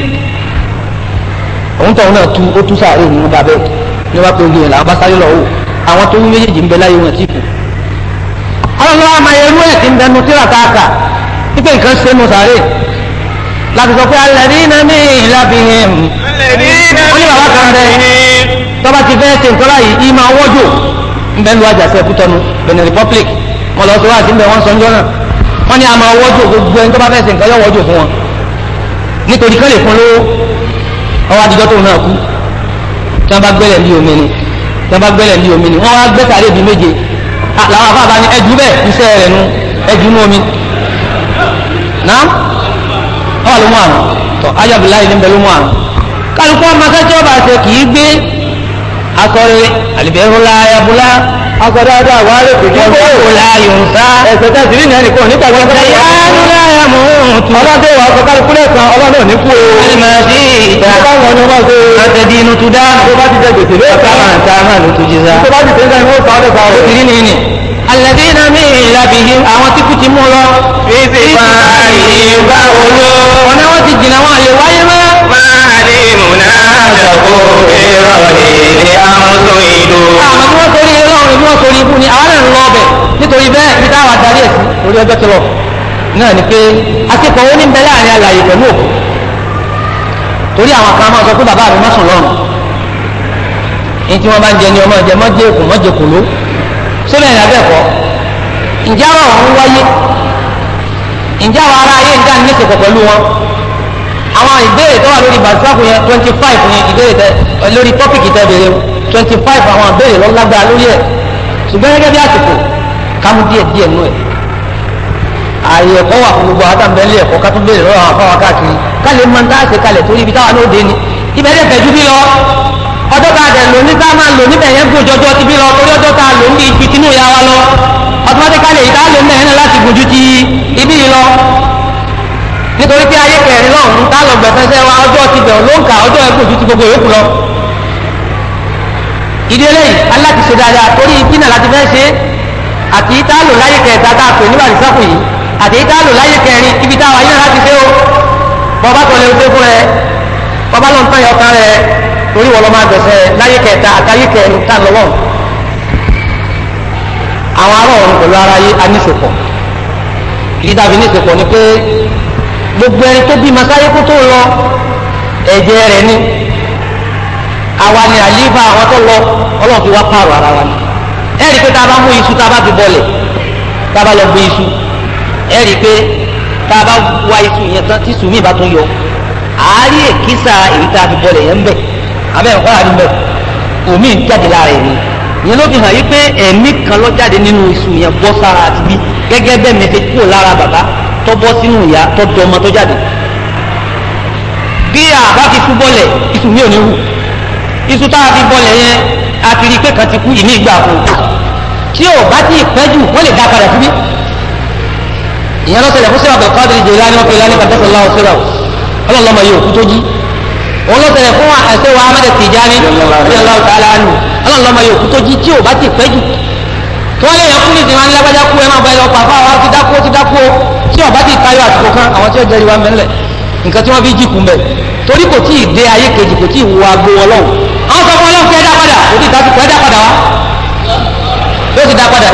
òun tọ̀hún náà tu ó tú sáré ní ọba bẹ́ẹ̀ ní wọ́n bá pe ogun yẹn làwọn bá sáré lọ́wọ́ àwọn tó ń méjèèjì ń bẹ láyé wọn ti kù ọlọ́run wa máa yẹ irú ẹ̀ é nù sáré láti sọ pé alẹ́dínà mi ìlàbíhìn wọ́n ní bàbá kan rẹ̀ tọ́ba ti fẹ́ ṣe nǹkan láyìí ìmọ̀ ọwọ́jò nbẹ́nu àjàṣe kútọ́nu Benin Republic wọn lọ sí wáàsí nbẹ wọn sọ ń jọ́nà wọn ní àmọ́ ọwọ́jò gbogbo ẹni tọ́ba fẹ́ ṣe nǹkan yọ̀wọ́jò fún wọn nítorí kán lè fún lówó ọwọ́ adijọ́ tóun náà kú tí gbẹ́lẹ̀ ní omi ni tí wọ́n bá gbẹ́lẹ̀ ní omi ni wọ́n wá gbẹ́sàlẹ̀ àwọn ló mú àrùn tọ ayọ̀bìláyì níbẹ̀ ló mú àrùn kálukú ọmọ akẹ́kẹ́ ọba àti kì í gbé akọrin àlìbẹ̀rúnlá ayabúlá akọ̀dáadá àwárí kò jẹ́ ọ̀la yorùbá ẹ̀sẹ̀ tá ìdílé náà nìkan nígbà tó ń bá yà á lọ́la yà mú un. ọlọ́dẹ wà ọkọ̀ kálukú lẹ́sàn-án ọlọ́dẹ ò ní kú o. ẹlẹ́mà sí ìta àtẹ̀dí inú tu dá. tó bá ti jẹ gbèsè lóòótọ́ àtàwọn tó bá ti tẹ́ńtà àlẹ́bí náà mi ìlàbí yìí àwọn tí kú ti mú lọ. fífi máa yí bá wo ló. wọn náà wọn ti jìnnà wọn lè wáyé mọ́. máa ní múná àjọkó ìrọ̀lẹ́ ní àwọn tó ìlú. àmọ́ tí wọ́n torí irọ́ òun ni wọ́n torí ibú ni àwọn náà ń lọ ọbẹ̀ nítorí bẹ́ẹ̀ ibi táwọn adarí ẹ̀ sí orí ọjọ́ ti lọ. náà ni pé akẹ́kọ̀ọ́ ó ní bẹ́ẹ̀ láàrin àlàyé pẹ̀lú òkú torí àwọn kan máa sọ pé bàbá mi má sùn lọ́rùn síbẹ̀ ní abẹ́ẹ̀kọ́ ǹjẹ́ àwọn ọ̀hún wáyé ǹjẹ́ àwọn ará ayé ǹjẹ́ àní níṣẹ̀kọ̀ pẹ̀lú wọn àwọn ìbéèrè tó wà lórí bàtífàkù yẹn twenty five ní ìbéèrè tẹ lórí tọ́pìkì tẹ béèrè twenty five àwọn ìbéèrè ló lágbára lórí ẹ̀ ṣùgbọ́n gẹ́gẹ́ bí àsìkò kámú díẹ̀ díẹ̀ nú ẹ̀ ààyè ẹ̀kọ́ wà fún gbogbo àtàǹbẹ̀lẹ̀ ẹ̀kọ́ ká tún béèrè lọ́wọ́ àwọn afáwà káàkiri ká lè mọ torí ibi táwa náà ni ibẹ̀ dẹ̀ bí lọ ọjọ́ tá a dẹ̀ lò ní tá a máa lò níbẹ̀ yẹn gùn jọjọ ti bí lọ torí ọjọ́ tá lò ní ibi tinú ya wa lọ automatically ìta lò ní ẹ̀yìn láti gùn ju ti ibi yìí lọ nítorí pé ayé kẹrin lọ́hùn tá a lọ gbẹ̀fẹ́sẹ́ wa ọjọ́ ti bẹ̀ ló ń kà ọjọ́ ẹ̀ gùn ju ti gbogbo yòókù lọ. ìdí eléyìí aláti ṣe dáadáa torí kínà láti fẹ́ ṣe àti ìta lò láyé kẹta tá a pè nígbà tí sáfù yìí àti ìta lò láyé kẹrin ibi táwa yìí náà láti torí wọn lọ máa dọ̀sẹ̀ láyé kẹta àtàyé kẹrin tá lọ́wọ́ àwọn ará ọ̀run pẹ̀lú ara yé aníṣòpọ̀ ìdídàbí ní ìṣòpọ̀ ni pé gbogbo ẹni tó bí masáyé kó tó lọ ẹ̀jẹ̀ rẹ̀ ni àwa ni àlífà àwọn tó lọ ọlọ́run fi wá pààrọ̀ ara wa ni ẹ rí i pé tá a bá mú iṣu tá a bá fi bọlẹ̀ tá a bá lọ gbé iṣu ẹ rí i pé tá a bá wá iṣu yẹn tán tí sùnmí ìbá tó yọ àárí èkísà èyí tá a fi bọlẹ̀ yẹn ń bẹ̀ abẹ́rẹ́ kọ́ àdúgbò bẹ́ẹ̀ omi ń jáde lára ẹ̀mí ìyẹn ló fi hàn yìí pé ẹ̀mí kan ló jáde nínú iṣu yẹn bọ́ sára àti bí gẹ́gẹ́ bẹ́ẹ̀ mi ti kúrò lára bàbá tó bọ́ sínú ìyá tó di ọmọ tó jáde bí àbá fi kú bọ́lẹ̀ iṣu mi ò ní wù iṣu tá a fi bọ́lẹ̀ yẹn a ti rí i pé kan ti kú ìní ìgbà fún un tí ò bá ti pẹ́ jù wọ́n lè dá padà síbí ìyẹn lọ́sẹ̀lẹ̀ fún sẹ́wọ̀n kọ́dìrì jẹ̀lá ni wọ́n fi lánàá kàtẹ́sọ̀ láwọn sẹ́wọ̀n ọlọ́ọ̀lọ́mọ yìí òkú òun ló tẹ̀lé fún ẹ̀sẹ̀ wa Ahmad Tijani radiyallahu ta'ala anhu ọlọ́ọ̀lọ́mọ yóò kú tó jí tí ò bá ti pẹ́ jù tí wọ́n lè yàn kúrò ìdìmọ̀ alágbájá kú ẹ̀ máa bá ẹ lọ pàfà wa ti dákú ó ti dákú ó tí ò bá ti tayọ àsìkò kan àwọn tí ó jẹ́rìí wa mẹ́lẹ̀ nǹkan tí wọ́n fi jí kú mbẹ̀ torí kò tíì dé ayé kejì kò tíì wo agbo ọlọ́run àwọn sọ fún ọlọ́run fẹ́ dá padà kò tíì tàbí fẹ́ dá padà wá yóò ti dá padà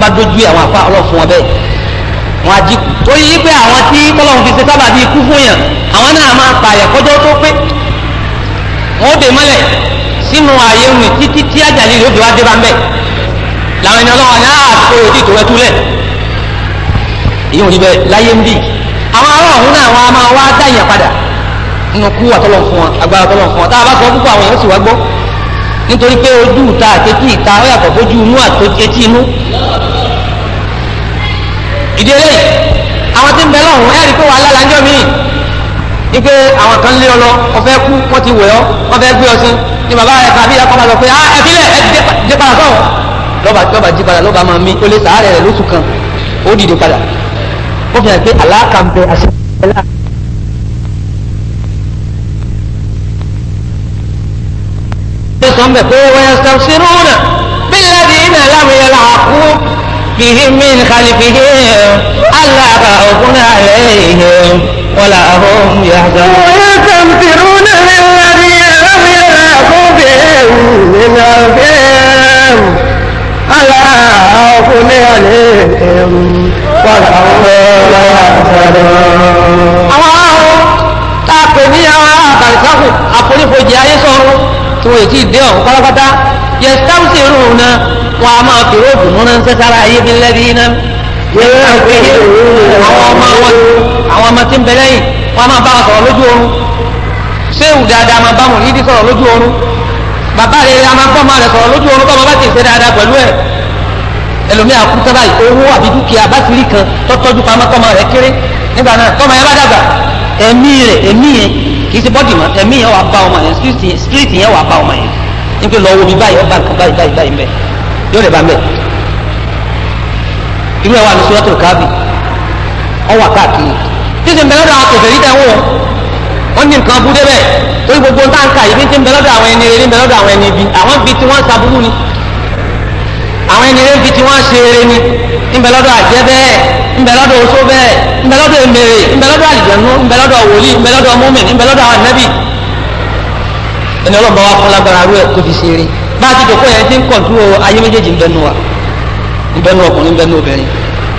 lábẹ́ al wọn àjíkù tó yí pé àwọn tí kọ́lọ́hún fi ṣe sábà bíi ikú fún yàn àwọn náà máa pààyàn kọjọ́ tó pé wọn ó dè mọ́lẹ̀ sínú ààyè òní títí tí àjàlè yóò fi wá dé bá ń bẹ̀ làwọn ènìyàn lọ́wọ́ yẹn àtúntò ah, òdì tó rẹ túlẹ̀ èyí ò rí bẹ́ẹ̀ láyé ń bì àwọn ará ọ̀hún náà wọn a máa wá dá ìyàn padà nínú kú àtọ́lọ̀ fún wọn agbára àtọ́lọ̀ fún wọn tá a bá sọ púpọ̀ àwọn ìdílé àwọn tí ń bẹ lọ́hùn ẹ̀rí pé wàhálà lájọ́ mi ipe àwọn kan lé ọ lọ ọfẹ kú wọn ti wẹ̀ ọ́ wọn fẹ́ gbé ọ sí ni bàbá rẹ tàbí ẹ kọ́ máa pé ah ẹ filẹ̀ ẹ jẹ padà sọ̀rọ̀ lọ́ba lọ́ba jí padà lọ́ba máa mí ó lé sàárẹ̀ rẹ̀ lóṣù kan ó dìde padà ó fi hàn pé àlàkà ń bẹ àṣẹ ìpínlẹ̀. ó pé wọ́n yẹ sọ bí lẹ́dí iná láwọn yẹn kú. فيهم من خلفهم ألا خوف عليهم ولا هم يحزنون ويستمترون للذين لم يلاقوا بهم من خلفهم ألا خوف عليهم ولا هم يحزنون tààpẹ̀ ní àwọn àkàrìsáfù àforífojì ayé sọ̀rọ̀ tí wọ́n ti dé ọ̀hún pátápátá yẹ sáwùsì rùn náà wọn a máa fèrè òbùnú náà ń sẹ́ sára ayé bí lẹ́bí iná yẹ́nà pé àwọn ọmọ wọn àwọn ọmọ tí ń bẹ lẹ́yìn wọn a máa bá wọn sọ̀rọ̀ lójú oorun séwù dáadáa máa bá wọn yídí sọ̀rọ̀ lójú oorun bàbá rẹ̀ a máa bọ́ ọmọ rẹ̀ sọ̀rọ̀ lójú oorun bọ́ọ̀mọ bá ti ṣe dáadáa pẹ̀lú ẹ̀ ẹlòmíì àkútà báyìí owó àbí dúkìá bá ti rí kan tọ́tọ́jú pamọ́ tọ́mọ rẹ̀ kéré nígbà náà tọ́mọ yẹn bá dàgbà ẹ̀mí rẹ̀ ẹ̀mí yẹn kì í ṣe bọ́dì mọ́ ẹ̀mí yẹn wà bá ọmọ yẹn spirit yẹn wà bá yóò lè ba mẹ irú ẹ wà ní suratul káàbì ọwà káàkiri títí mbẹ́lẹ́dọ̀ àwọn kẹfẹ́ yìí tẹ̀wọ́ wọ́n ní nǹkan bú débẹ̀ torí gbogbo nǹkan ká yìí ti mbẹ́lẹ́dọ̀ àwọn ẹni rere mbẹ́lẹ́dọ̀ àwọn ẹni ibi àwọn ibi tí wọ́n saburú ni àwọn ẹni rere ibi tí wọ́n ṣe rere ni mbẹ́lẹ́dọ̀ àjẹ́ bẹ́ẹ̀ mbẹ́lẹ́dọ̀ oṣó bẹ́ẹ̀ mbẹ́lẹ́dọ̀ emèrè mbẹ́lẹ́dọ̀ àlìjẹ̀nu mbẹ́lẹ́dọ̀ wòlíì mbẹ́lẹ́dọ̀ mọ́mìn mbẹ́lẹ́dọ̀ àwọn ẹ̀nẹ́bì ẹni ọlọ́mọba wa fún lágbára rú ẹ̀ tó fi ṣe rere bá a ti dòkó yẹn ti ń kọ̀ntúrò ayé méjèèjì ńbẹ́nu wa ńbẹ́nu ọkùnrin ńbẹ́nu obìnrin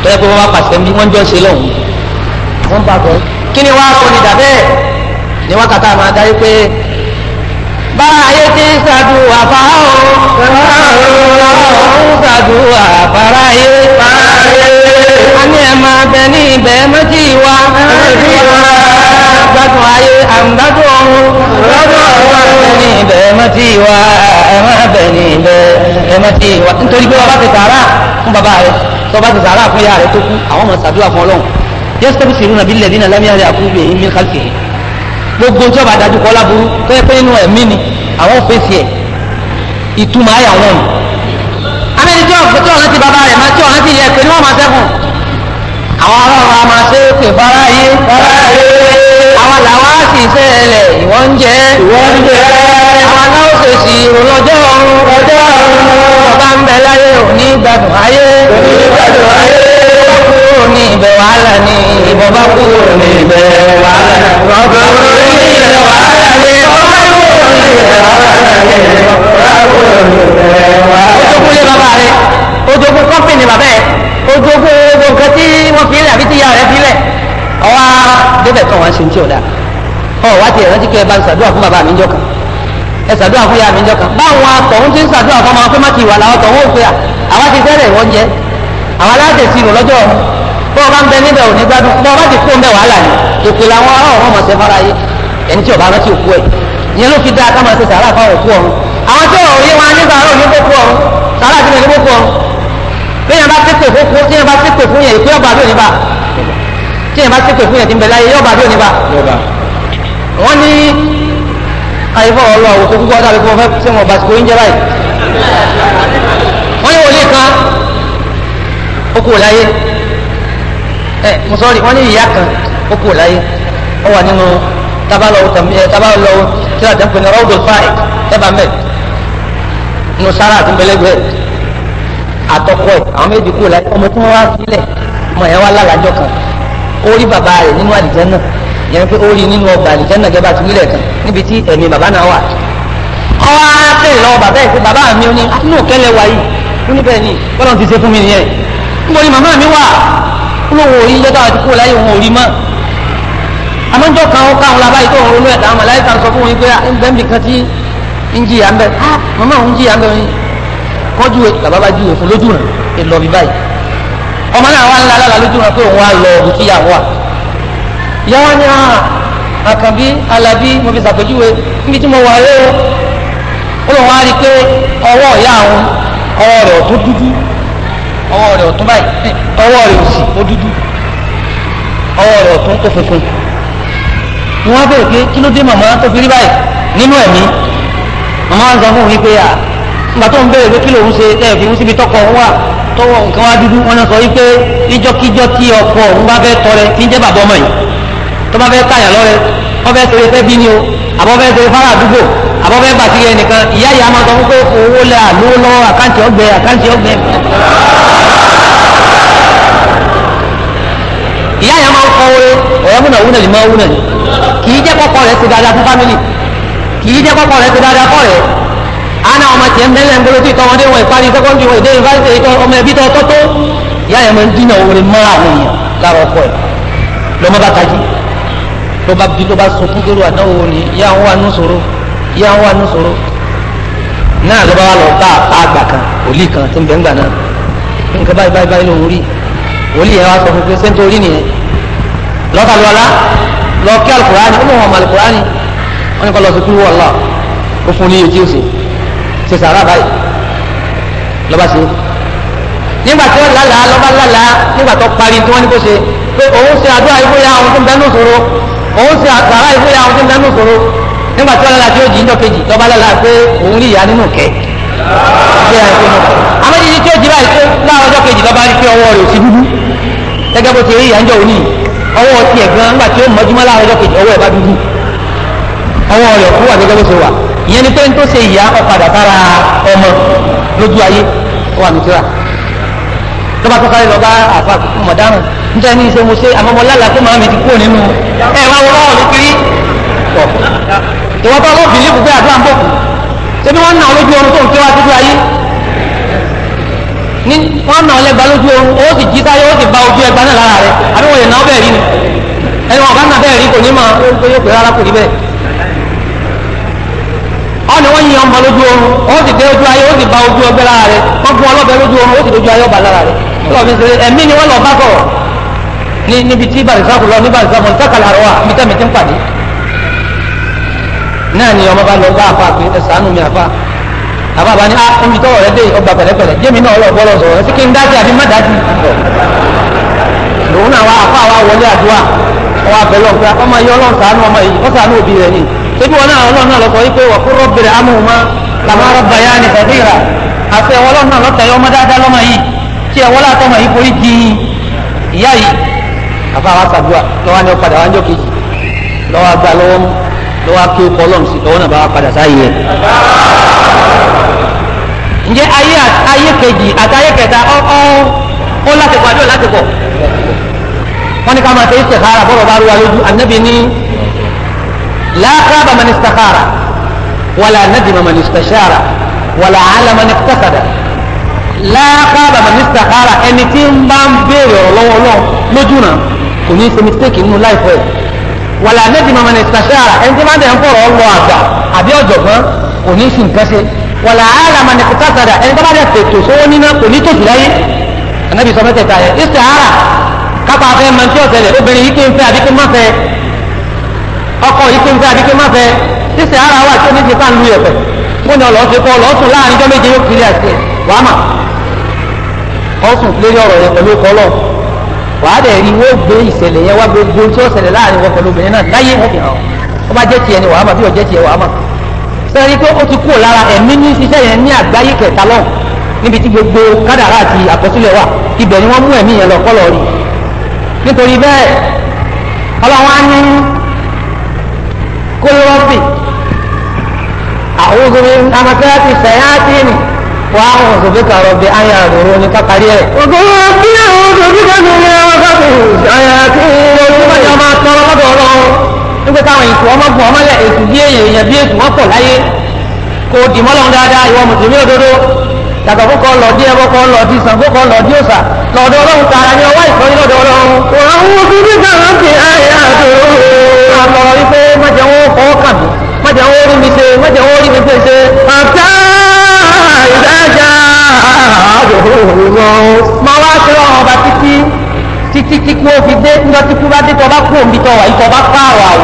tọ́jà pé wọ́n bá pàṣẹ bí wọ́n jọ ṣe lọ́hùn wọ́n bá bọ̀ kí ni wàá kọ́ni dàbẹ́ ni wọ́n kàtà máa darí pé bára ayé ti ń ṣàdúrà fáwọn ọ̀hún ṣàdúrà bára ayé a ní ẹ̀ máa bẹ ní ibẹ̀ méjì wa gbádùn ayé àmúgbádùn ọ̀hún ní ibẹ̀ méjì wa ẹ̀ máa bẹ ní ibẹ̀ méjì wa nítorí pé ọba ti sàárà fún bàbá rẹ tọba ti sàárà fún ìyá rẹ tó kú àwọn ọmọ ṣàdúrà fún ọlọ́run yẹ́sítọ́bù sí irú nàbí lẹ́dínà lámìyàrá àkúgbè ìmí kálífì yìí gbogbo tí ọba dájú kọ́ láburú tó yẹ pé nínú ẹ̀mí ni àwọn fèsì ẹ̀ ìtumọ̀ ayà wọn nù. amẹ́ni tí ọ̀rọ̀ tí ọ̀rọ̀ ti bàbá rẹ̀ máa tí ọ̀rọ̀ ti yẹ pé ní wọ́n máa sẹ́kùn. àwọn ọlọ́run a máa ṣe é pè fara yé. àwọn làwọn á sì sẹ́ẹ̀lẹ̀ ìwọ́n ń jẹ́. ìwọ́n ń jẹ́. àwọn aláwọ̀ fèsì ìròlọ́jọ́ ọ̀run. ọjọ́ ọ̀run. ọba ń bẹ láyé òní gbàdùn ayé. òní gbàdùn ayé. ìbọn kúrò ní ibẹ̀ wàhálà ní ìbọn bá kúrò ní ibẹ̀ débẹ̀ kan wọ́n ṣe ń tí ò dáa ọ wá tiẹ̀ rántí kẹ́ ẹ bá ṣàdúrà fún bàbá mi jọ ẹ ṣàdúrà fún ìyá mi jọ kan báwọn akọ̀hún ti ń ṣàdúrà fún ọmọ akọ́mọ́ ti wà láwọn tọ̀hún òfin à àwa ti fẹ́rẹ̀ wọ́n jẹ àwa láti sí ìrò lọ́jọ́ bọ́ọ̀ bá ń bẹ níbẹ̀ ò ní gbádùn bọ́ọ̀ bá ti kó ń bẹ wàhálà ni ìpìlẹ̀ àwọn ará ọ̀rọ̀ mọ̀ọ́sẹ̀ fara tí yẹn bá tẹ́kẹ̀ fún yẹn ti ń bẹ láyé yóò bá bí òní bá. wọ́n ní àyífọ́ ọlọ́ àwòsàn gbogbo ọ̀dà àbíkú ọ̀fẹ́ tí wọ́n bá ti kó oúnjẹ báyìí. wọ́n ní wòlíì kan ó kú láyé ẹ mùsọ̀rì wọ́n ní ìyá kan ó kú láyé ó wà nínú tabalọ́wọ́ tí a dẹ́kun ní rọ́ọ̀dù fáì àtọkọ ẹ̀ àwọn méjì kú láyé ọmọ tí wọ́n wá sílẹ̀ ọmọ yẹn wá lálàjọ kan ó bàbá rẹ̀ nínú àlìjẹ́nà yẹn pé ó nínú ọgbà àlìjẹ́nà gẹ́gẹ́ bá ti kan níbi tí ẹ̀mí bàbá náà wà. ọwọ́ á pè bàbá ẹ̀ pé bàbá mi ní ah, inú kẹ́lẹ́ wa yìí ó ni bọ́lá ti ṣe fún mi nìyẹn níbo ni màmá mi wà ó lóun ò rí lọ́dọ̀ àti kúrò láyé òun ò rí àmọ́jọ́ kan ó káwọn labáyé tó ronú ẹ̀ táwọn màláìka sọ fún wọn pé ah, ẹ̀ kan tí ń jìyà ń bẹ́ẹ̀ ah, màmá òun jìyà ń bẹ́ẹ̀ kọ́jú bàbá bá júwe ọmọ náà wà ńlá lára lójú wọn pé òun wà lọ ibi tí ìyàwó wà ìyàwó ni ah, àkànbí alábí mo fi ṣàpèjúwe níbi tí mo wà rẹ o ó lọ wá rí i pé ọwọ́ ìyá àwọn ọwọ́ rẹ̀ ọ̀tún dúdú ọwọ́ rẹ̀ ọ̀tún báyìí *laughs* ọwọ́ rẹ̀ òsì ó dúdú ọwọ́ rẹ̀ ọ̀tún ó funfun ni wọ́n bèrè pé kí ló dé màmá tó fi rí báyìí nínú ẹ̀mí màmá wọn sọ fún mi pé à ah, nígbà tó ń bèrè pé kí lòun ṣe tẹ́ẹ̀ fi ń síbi tọkọ wà tọwọ́ nǹkan wá dúdú wọn sọ wípé níjọ́kíjọ́ tí ọkọ òun bá fẹ́ tọrẹ níjẹ́ bàbá ọmọ yìí tó bá fẹ́ káyà lọ́rẹ wọ́n fẹ́ torí fẹ́ bí ni o àbọ̀ fẹ́ torí fárá àdúgbò àbọ̀ fẹ́ bàtí yẹn nìkan ìyá ìyá máa sọ wípé owó lẹ́ àlówó lọ́wọ́ àkáǹtì ọgbẹ́ àkáǹtì ọgbẹ́. ìyá ìyá máa ń kọ́ wọlé ọ̀rẹ́ múnà wúnà lè máa wúnà kì í jẹ́ kọ́kọ́ rẹ̀ ti dáadáa fún fámìlì kì í jẹ́ kọ́kọ́ rẹ̀ ti dáadáa fọ́ rẹ̀ ana ọmọ tiẹ̀ ń bẹ́lẹ̀ ń bolo tí tọmọdé wọn ìparí sẹ́kọ́ndì wọn ìdè ìfáṣẹ ìtọ́ ọmọ ẹbí tọ́ tọ́tọ́ ìyá yẹn máa ń dínà orin mọ́ àwọn èèyàn lára ọkọ ẹ̀ lọ́mọ bá tají ló bá bí ló bá sọ fún kérò àdáwò ni ìyá àwọn wà nù sòro ìyá àwọn wà nù sòro náà ló wà lọ bá àgbà kan òlì kan tó ń bẹ ńgbà náà nǹkan báyìí báyìí báyìí lòun rí òlì yẹn wá sọ fún pé sẹ́ńtò ni kọ́ lọ sí kúrú wọ́ọ̀lá ó fún ní etí òsè ṣe sàrà báyìí lọ́ba ṣe nígbà tí ó lálàá lọ́ba lálàá nígbà tó parí tí wọ́n ní kó ṣe pé òun ṣe àdúrà ìfúyà àwọn tó ń bẹnu sòro òun ṣe àgbàrá ìfúyà àwọn tó ń bẹnu sòro nígbà tí ó lálàá tí ó jí ń dọ́kejì lọ́ba lálàá pé òun rí ìyá nínú kẹ́ àmọ́ jíjí tí ó jí báyìí pé láàárọ̀ ọjọ́ kejì lọ́ba rí pé ọwọ́ rẹ̀ ò sí dúdú gẹ́gẹ́ bó ti rí ìyànjọ́ òní ọwọ́ tiẹ̀ gan nígbà tí ó mọ́júmọ́ láàárọ̀ ọjọ́ kejì ọwọ́ ẹ̀ bá dúdú ọwọ́ rẹ̀ kú gẹ́gẹ́ bó ṣe wà ìyẹn ni pé n tó ṣe ìyá ọ̀padà tára ọmọ lójú ayé wà nùtúrà lọ́ba tó sáré lọ́ba àfa mọ̀dáràn nítorí ní ìṣe mo ṣe àmọ́mọ́lálà tó máa mi ti kúrò nínú ẹ̀ wá wọ́n ọ̀rọ̀ kiri tọ̀ ìwọ́n tó ọlọ́ọ̀bì ní ibùgbé àdúrà ń bọ̀ kù ṣé bí wọ́n nà ọ lójú oorun tó ń ké wá síjú ayé ní wọ́n nà ọ lẹ́gba lójú oorun ó sì jí táyé ó sì ba ojú ẹgba náà lára rẹ̀ àbí wọ́n lè nà ọ bẹ́ẹ̀ rí ni ẹni wọn bá nà bẹ́ẹ̀ rí kò ní mọ̀ ó yóò pè rárá kò ní bẹ́ẹ̀ ni wọ́n yin ọmọ lójú oorun ó sì dé ojú ayé ó sì ba ojú ọgbẹ́ lára rẹ̀ wọ́n fún ọlọ́bẹ lójú oorun ó sì dojú ayé ọba lára rẹ̀ ọlọ́bẹ sọ ẹ̀mí ni wọ́n lọ bá sọ̀rọ̀ ní níbi tí barisaku lọ ní barisaku ní sákàlà àrọ́wà mi tẹ́ mi ti ń pàdé náà ni ọmọ bá lọ bá àfa pé ẹ̀sánú mi àfa àfa bá ní a ah, omi tọwọ rẹ dé ọgbà pẹ̀lẹ́pẹ̀lẹ́ jẹmi náà lọ bọlọ sọ̀rọ̀ ẹ sì kí n dá sí àbí má dá sí lòun náà wá àfa wa wọlé àdúrà ọwọ́ abẹ́lọ́ pé ọmọ yìí ọlọ́run ṣàánú ọmọ yìí ó ṣàánú òbí rẹ̀ nìyí ebi wọn náà ọlọ́run náà lọ sọ wípé wọ́n kúrò bèrè amóhùnmá làwọn arọ́bà yá ni fẹ̀díra àti ẹ̀wọ́ ọlọ́run náà lọ́tọ̀ yọ ọmọ dáadáa lọ́mọ yìí tí ẹ̀wọ́ látọ̀ mọ̀ yìí forí di ìyá yìí àfa àwọn àtàdúrà lọ́wọ́ ni ó padà wá ń jọ kejì lọ́wọ́ agbá lọ́wọ́ mú lọ́wọ́ aké kọlọ́m sí lọ́wọ́ náà bá wá padà sáyé ẹ̀. ǹjẹ́ ayé لا خاب من استخار ولا ندم من استشار ولا علم من اقتصد لا خاب من استخار ẹni tí ń bá ń béèrè ọ̀lọ́wọ́ lọ lójú náà kò ní í ṣe mistake nínú láìpẹ́ wàlà anabi mama ní sàṣàrà ẹni tí máa ń dẹ̀ ń fọ̀rọ̀ lọ àgbà àbí ọ̀jọ̀gbọ́n kò ní í sì nǹkan ṣe wàlà alama ní kòtàkàdà ẹni tí máa dẹ̀ tètò sówó níná kò ní tòsí láyé anabi sọ mẹ́tẹ̀ẹ̀ta yẹn ìsàárà kápá afẹ́ mantí ọ̀tẹ̀lẹ̀ obìnrin yìí kí n fẹ́ àbí kí n má fẹ́ ọkọ yìí pé ń fẹ́ àdíkẹ́ má fẹ́ ṣíṣe ara wà tí oníṣe tá ń lu ẹ̀fẹ̀ ó ní ọlọ́ọ̀ṣe kọ́ ọlọ́ọ̀ṣùn láàrin ọjọ́ méje yóò kiri ẹ̀sìn wàhámà ọ̀ṣùn lórí ọ̀rọ̀ yẹn pẹ̀lú ọkọ lọ wàá dẹ̀ rí wọ́n gbé ìṣẹ̀lẹ̀ yẹn wá gbogbo tí ó ṣẹlẹ̀ láàrin wọn pẹ̀lú obìnrin náà láyé wọn bá jẹ́ tiẹ̀ ni wàhámà bí ó jẹ́ tiẹ̀ wàhámà sẹ́ni pé ó ti kúrò lára ẹ̀mí ní iṣẹ́ yẹn ní àgbáyé kẹta lọ́hùn níbi tí gbogbo kádàrá àti àkọsílẹ̀ wà ibẹ̀ ni wọ́n mú ẹ̀mí yẹn lọ kọ́lọ̀ nítorí bẹ́ẹ̀ ọlọ́wọ́n á ní قل ربي أعوذ من همكات الشياطين وأعوذ بك ربي أن يضروني كقليل وقل ربي أعوذ بك من همكات الشياطين ثم جمع الطلبة ولو nígbà táwọn ètò ọmọ gùn ọmọ lẹ ètò bí èèyàn bí ètò wọn pọ̀ láyé kò dì mọ́ lọ́wọ́ dáadáa ìwọ mùsùlùmí òdodo yàtọ̀ fún kọ́ lọ́dí ẹbọ kọ́ lọ́dí Ṣàngó kọ́ lọ́dí òòṣà lọ́dọ̀ ọlọ́run tààrà ní ọwọ́ ìsọ́yìn lọ́dọ̀ ọlọ́run. wọ́n ń wú bíbí kàrá ti ayé àdúró. àtọ̀rọ̀ wípé mọ̀jẹ̀ wọn kọ́ kàn mí mọ̀jẹ̀ wọn rí mi ṣe mọ̀jẹ̀ wọn rí mi pè ṣe. àtà ìdájà máa wá ṣe ọ̀hún ọba títí títí tí kú ó fi dé ńjọ tí kú bá dé tọ́ bá kú òǹbí tọ́ wà ikọ̀ bá pààrọ̀ àwọ̀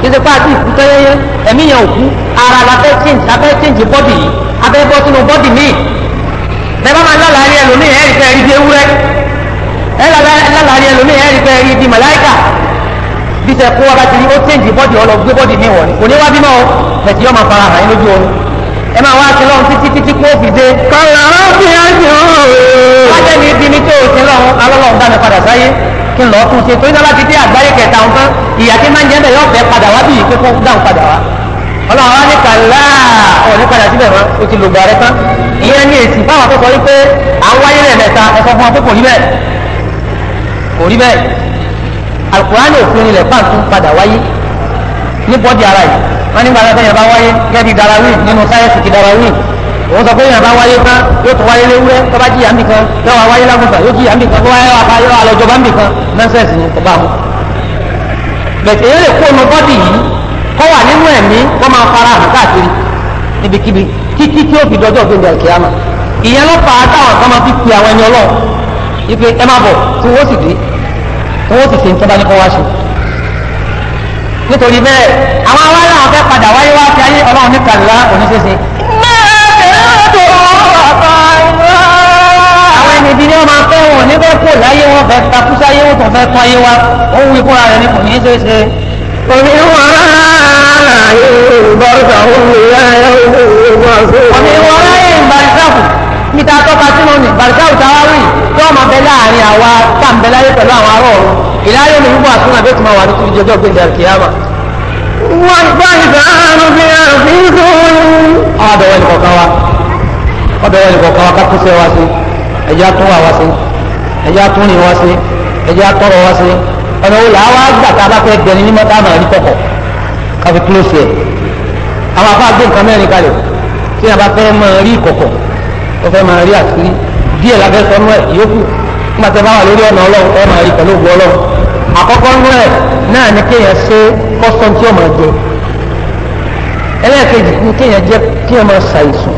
kí ṣe pàtí ìkú tẹ́yẹ́yẹ́ ẹ̀mí yẹn òkú ara la fẹ́ change la fẹ́ change bọ́dì yìí abẹ́ bọ́ sínú bọ́dì míì bẹ́ẹ̀ bá máa lálàárí ẹlòmíì ẹ̀rí fẹ́ rí di ewúrẹ́ ẹ lálàárí ẹlòmíì ẹ̀rí fẹ́ rí di màláìkà bí sẹ kó wa bá ti rí ó tẹ̀jì bọ́dì ọlọ gbé bọ́dì mi wọ̀ ni kò ní wá bímọ o bẹ̀tì yóò máa fara hàn lójú omi ẹ máa wá sí lọ́run títí títí kó fi dé. kọ̀ọ̀rọ̀ ó fi ẹ̀sìn ọ̀hún. wájẹ́ ni ibi ni tó o ti lọ́run alọ́lọ́run dá mi padà sáyé kí n lọ́ọ́ tún ṣe torí náà láti dé àgbáyé kẹta ń tán ìyá tí máa ń jẹ́ bẹ́ẹ̀ yọ̀ fẹ́ padà wá bí ìkékọ́ dáhùn padà wá. ọlọ́run wá ní kàlá ọ̀ ní padà síbẹ̀ mọ́ o ti lògbà rẹ tán ìyẹn ní èsì fáwọn akẹ́kọ̀ọ́ yìí pé à ń wáyé lẹ́ẹ̀mẹ́ta ẹ̀kọ́ fún akẹ́kọ̀ọ́ yìí bẹ́ẹ̀ kò rí bẹ́ẹ̀ alukurani òfin ilẹ̀ fáà tún padà wáyé ní bọ́dì ara yìí wọ́n nígbà tó yẹn bá wáyé gẹ́gẹ́ darawin nínú sáyẹ́nsì ti darawin òun sọ pé yẹn bá wáyé tán yóò tún wáyé léwúrẹ́ tó bá jìyà mí kan yóò wá wáyé lágùntàn yóò jìyà mí kan tó wáyé wà yóò wá lọ́jọ́ bá mí kan nọ́ńsẹ̀sì ni kò bá mu. bẹ̀tẹ̀ eré kó nu bọ́dì yìí kọ́ wà nínú ẹ̀mí wọ́n máa fara hàn káàkiri níbikíbi títí tí ó fi dọjọ́ gbẹ̀ngà kíámà ìyẹn ló fà á táwọn kan máa fi pe àwọn ẹni ọlọ́run ipe ẹ má bọ̀ tí wọ́n sì dé tí wọ́n sì ṣe nǹkan bá ní kọ́ wá ṣe nítorí bẹ́ẹ̀ àwọn awárá àwọn fẹ́ padà wáyé wá fi ayé ọlọ́run ní kàlá oníṣẹ́ṣe. àwọn ẹni ibi ni wọ́n máa fẹ́ wọn níbẹ̀ kò láyé wọn fẹ́ takúsáyé wọn tó fẹ́ tán ayé wa ó wí fúnra rẹ̀ ní kò ní ṣe é ṣe. òní yunbartahum ila yawmi yub'athun. ọ̀nà ìwọ ọlọ́yẹ̀ ìbàrìkàwù níta tọ́ka sínú ọ̀nà ìbàrìkàwù tá a wá wí tó ọmọ bẹ láàrin àwa tá à ń bẹ láyé pẹ̀lú àwọn ará ọ̀run ìlà yawmi yub'athun àbẹ́kùnmá wà ní kúrìjọ́ ọjọ́ gbẹ̀dẹ̀ àkìyàmà. wọ́n gbá ìgbà káfí close ẹ̀ àwọn afá gbé nǹkan mẹ́rin kalẹ̀ tí a bá fẹ́ máa rí ìkọ̀kọ̀ tó fẹ́ máa rí àṣírí díẹ̀ la fẹ́ sọ nú ẹ̀ yókù nígbà tó bá wà lórí ọ̀nà ọlọ́run ẹ máa rí pẹ̀lú ògbó ọlọ́run àkọ́kọ́ nú ẹ̀ náà ni kéèyàn ṣe kọ́sọ́n tí ó máa jẹ ẹlẹ́ẹ̀kejì ni kéèyàn jẹ kí ẹ máa ṣàìsùn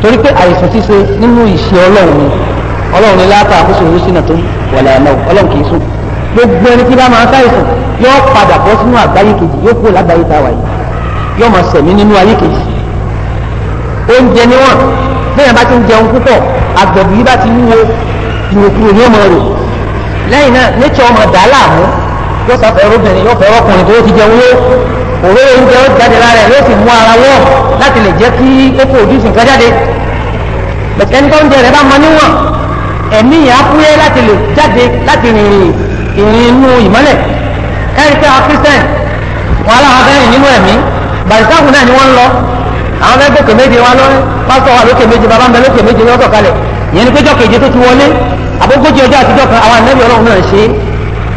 torí pé àìsàn ṣíṣe nínú ìṣe ọlọ́run ni ọlọ́run ni látà àkóso ìwé sínà tó wà láàánú ọlọ́run kì í sùn gbogbo ẹni tí bá máa sáyẹ̀sùn yóò padà bọ́ sínú àgbáyé kejì yóò kúrò lágbáyé tá a wà yìí yóò máa sẹ̀mí nínú ayé kejì oúnjẹ níwọ̀n bẹ́ẹ̀ bá ti ń jẹun púpọ̀ àgbẹ̀bù yìí bá ti wúwo ìwòkúrò ní ọmọ rẹ̀ lẹ́yìn náà nature ọmọ dà á láàmú yóò sọ fẹ́ẹ́ rúbìnrin yóò fẹ́ẹ́ ọkùnrin tó ti jẹun yó òwe oúnjẹ ó jáde lára ẹ̀ yóò sì mú ara wọ̀ láti lè jẹ́ kí epo òdìsí nǹkan jáde bẹ̀tẹ̀ ní tó ń jẹ rẹ̀ bá mọ níwọ̀n ẹ̀mí yẹn á fúyẹ́ láti lè jáde láti rìnrìn inú ìmọ́lẹ̀ ẹ̀rí pé àwọn christian wọn aláwọ̀ abẹ́rìn nínú ẹ̀mí bàrìsáàkù náà ni wọ́n ń lọ àwọn fẹ́ gòkè méje wọn lọ pásítọ̀ wà lókè méje bàbá ń bẹ lókè méje yọ sọ̀kalẹ̀ ìyẹn ni pé jọ́kè èjé tó ti wọlé àbógójì ọjọ́ àtijọ́ kan àwọn ànábì ọlọ́run náà ṣe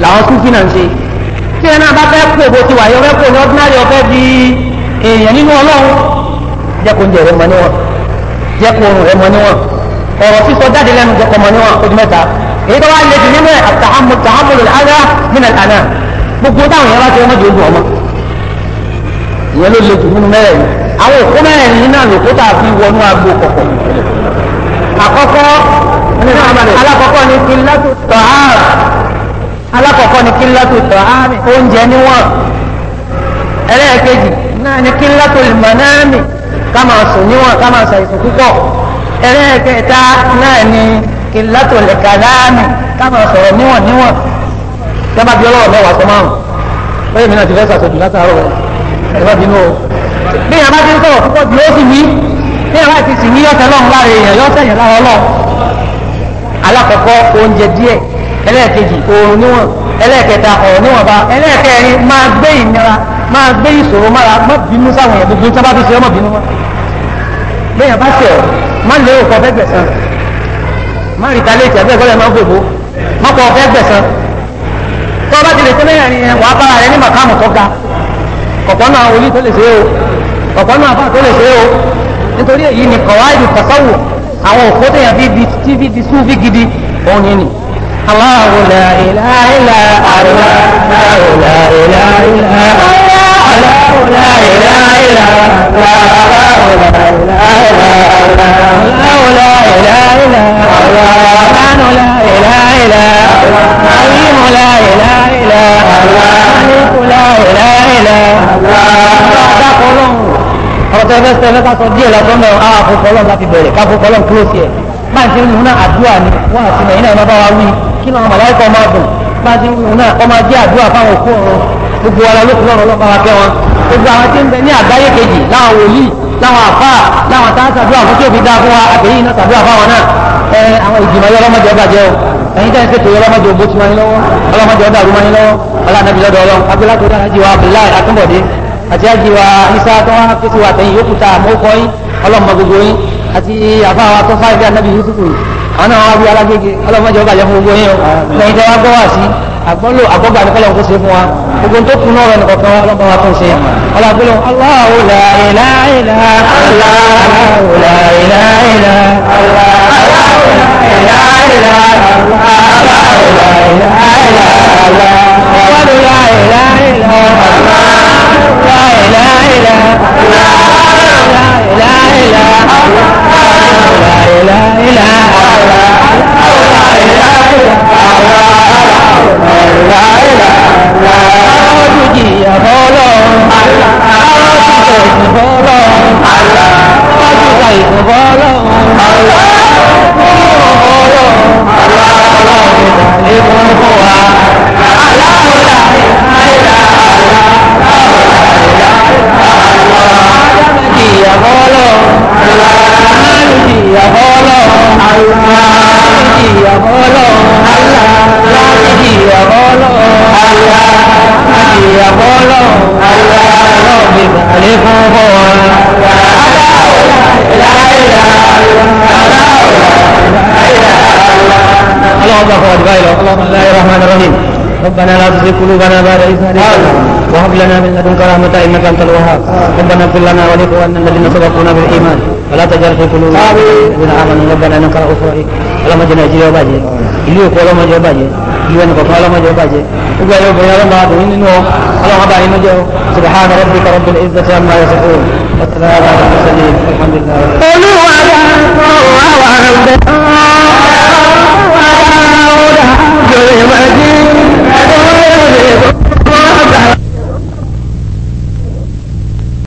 làwọn súnfì náà ṣe tí ẹ náà bá fẹ́ kú òbó ti wà yọ fẹ́ kú ní ordinary ọ̀fẹ́ di èèyàn nínú ọlọ́run jẹ́ kó èyí tó wá lè jù nínú ẹ̀ àtàhámúlò tàhámúlò àdá nínú àná gbogbo táwọn yẹn bá ti wọ́n di ogun ọmọ ìyẹn ló lè jù nínú mẹ́rẹ̀ẹ̀rin àwọn òkú mẹ́rẹ̀ẹ̀rin nínú àlòkúta fi wọnú agbo kọ̀kọ̀ àkọ́kọ́ alákọ̀ọ́kọ́ ni kí látò tọ̀ áàrà alákọ̀ọ́kọ́ ni kí látò tọ̀ áàrà oúnjẹ níwọ̀n ẹlẹ́ẹ̀kejì náà ni kí látò lùmọ̀ náà ká máa sùn níwọ̀n ká máa sàìsùn púpọ̀ ẹlẹ́ẹ̀kẹta náà ni ìlàtọ̀lẹ̀ kàdáàmì káàmà sọ̀rọ̀ níwọ̀n níwọ̀n tẹ́ bá bí ọlọ́wọ̀ mẹ́wàá sọ márùn lóye mìíràn ti fẹ́ sàṣọjù látàárọ̀ ẹ̀ bá bínú o bí yàrá bá ti ń sọ̀rọ̀ púpọ̀ jù ó sì wí bí yàrá ti sì ní yọ̀tẹ̀ lọ́run lára èèyàn yọ̀tẹ̀ yẹn lára ọlọ́run alákọ̀ọ́kọ́ oúnjẹ díẹ̀ ẹlẹ́ẹ̀kejì oorun níwọ̀n ẹlẹ́ẹ̀kẹta ọ̀rọ̀ níwọ̀n bá ẹlẹ́ẹ̀kẹrin máa gbé ìnira máa gbé ìṣòro mára má bínú sáwọn èèyàn gbogbo tí wọ́n bá fi ṣe ọmọ bínú wọn bí yàrá bá ṣe ọ̀ má lérò fẹ́ gbẹ̀sán má rí talé ìtì àbẹ́ẹ̀kọ́ lẹ́ máa ń fòfó má pọ̀ ọ̀fẹ́ gbẹ̀sán tó o bá ti lè tó lẹ́yìn àníyàn wàá bára rẹ ní màkàmù tó ga ọ̀pọ̀ náà wòlíì tó lè ṣe o ọ̀pọ̀ náà fà tó lè ṣe o nítorí èyí ni kọ̀wáìdù tàṣàwù àwọn òkú tẹ̀yàn bíi bíi tv di súnfì gidi òun yìí ni. Allahu la ilaha illa Allah, Allahu la ilaha illa Allah ẹ̀fẹ́sẹ̀ ẹ̀fẹ́ sọ díẹ̀ lọ́gbọ́n náà á àfọ̀kọ́ lọ́n láti bẹ̀rẹ̀ ká fọ̀kọ́ lọ́n kúrò sí ẹ̀ bá ń ṣe ń múná àdúrà ni wọ́n àti nàìjíríà máa bá wa wí kí làwọn màláìkọ̀ máa dùn bá ń ṣe ń múná ọmọ ajé àdúrà fáwọn òkú ọ̀run gbogbo ara ló fún ọlọ́run wa kẹ́ wọn gbogbo àwọn tí ń bẹ ní àgbáyé kejì láwọn wòlíì láwọn àfà láwọn tá a ṣàdúrà fún tí òbí dáa fún wa àtẹ̀yìn náà ṣàdúrà fáwọn náà ẹ àwọn ìgbìmọ̀ yọ ọlọ́mọdé ọba o ẹ̀yin tẹ́ ń ṣètò yọ ọlọ́mọdé ògbó tiwọn lọ́wọ́ ọlọ́mọdé ọdọ lọ́wọ́ ọlọ́mọdé ọdọ ọlọ́run agbélátò dára jíwa abdullahi akínbọ̀dé àti àjíwa gbogbo tó kú náà rẹ̀ nìkan kan ọlọ́pàá wa tó ń ṣe ọlọ́gbọ́n Allahu la ilaha illa Allahu la ilaha illa Allahu la ilaha illa Allahu la ilaha illa Allahu la ilaha illa Allahu la ilaha illa Allahu la ilaha illa Allahu la ilaha illa Allahu la ilaha illa Allahu la ilaha illa Allahu. দিয়া বলো বলো বলো Allah ربنا لا تزغ قلوبنا بعد إذ هديتنا وهب لنا من لدنك رحمة إنك أنت الوهاب ربنا اغفر لنا ولإخواننا الذين سبقونا بالإيمان ولا تجعل في قلوبنا الذين آمنوا ربنا إنك رؤوف رحيم اللهم اجعلنا جيوبا جيوبا جيوبا جيوبا جيوبا ìwẹ̀nì kọ̀ọ̀kan ọlọ́mọdé bàjẹ́ gbogbo ẹ̀rọ obìnrin ọlọ́mọ àbòyìn nínú ọlọ́mọba inú jẹ́ subhana rabbika rabbil izzati amma yasifun wasalaamu ala mursalin alhamdulillah. olúwa wa wà wà bẹ Yorùbá jí, Yorùbá jí, Yorùbá jí.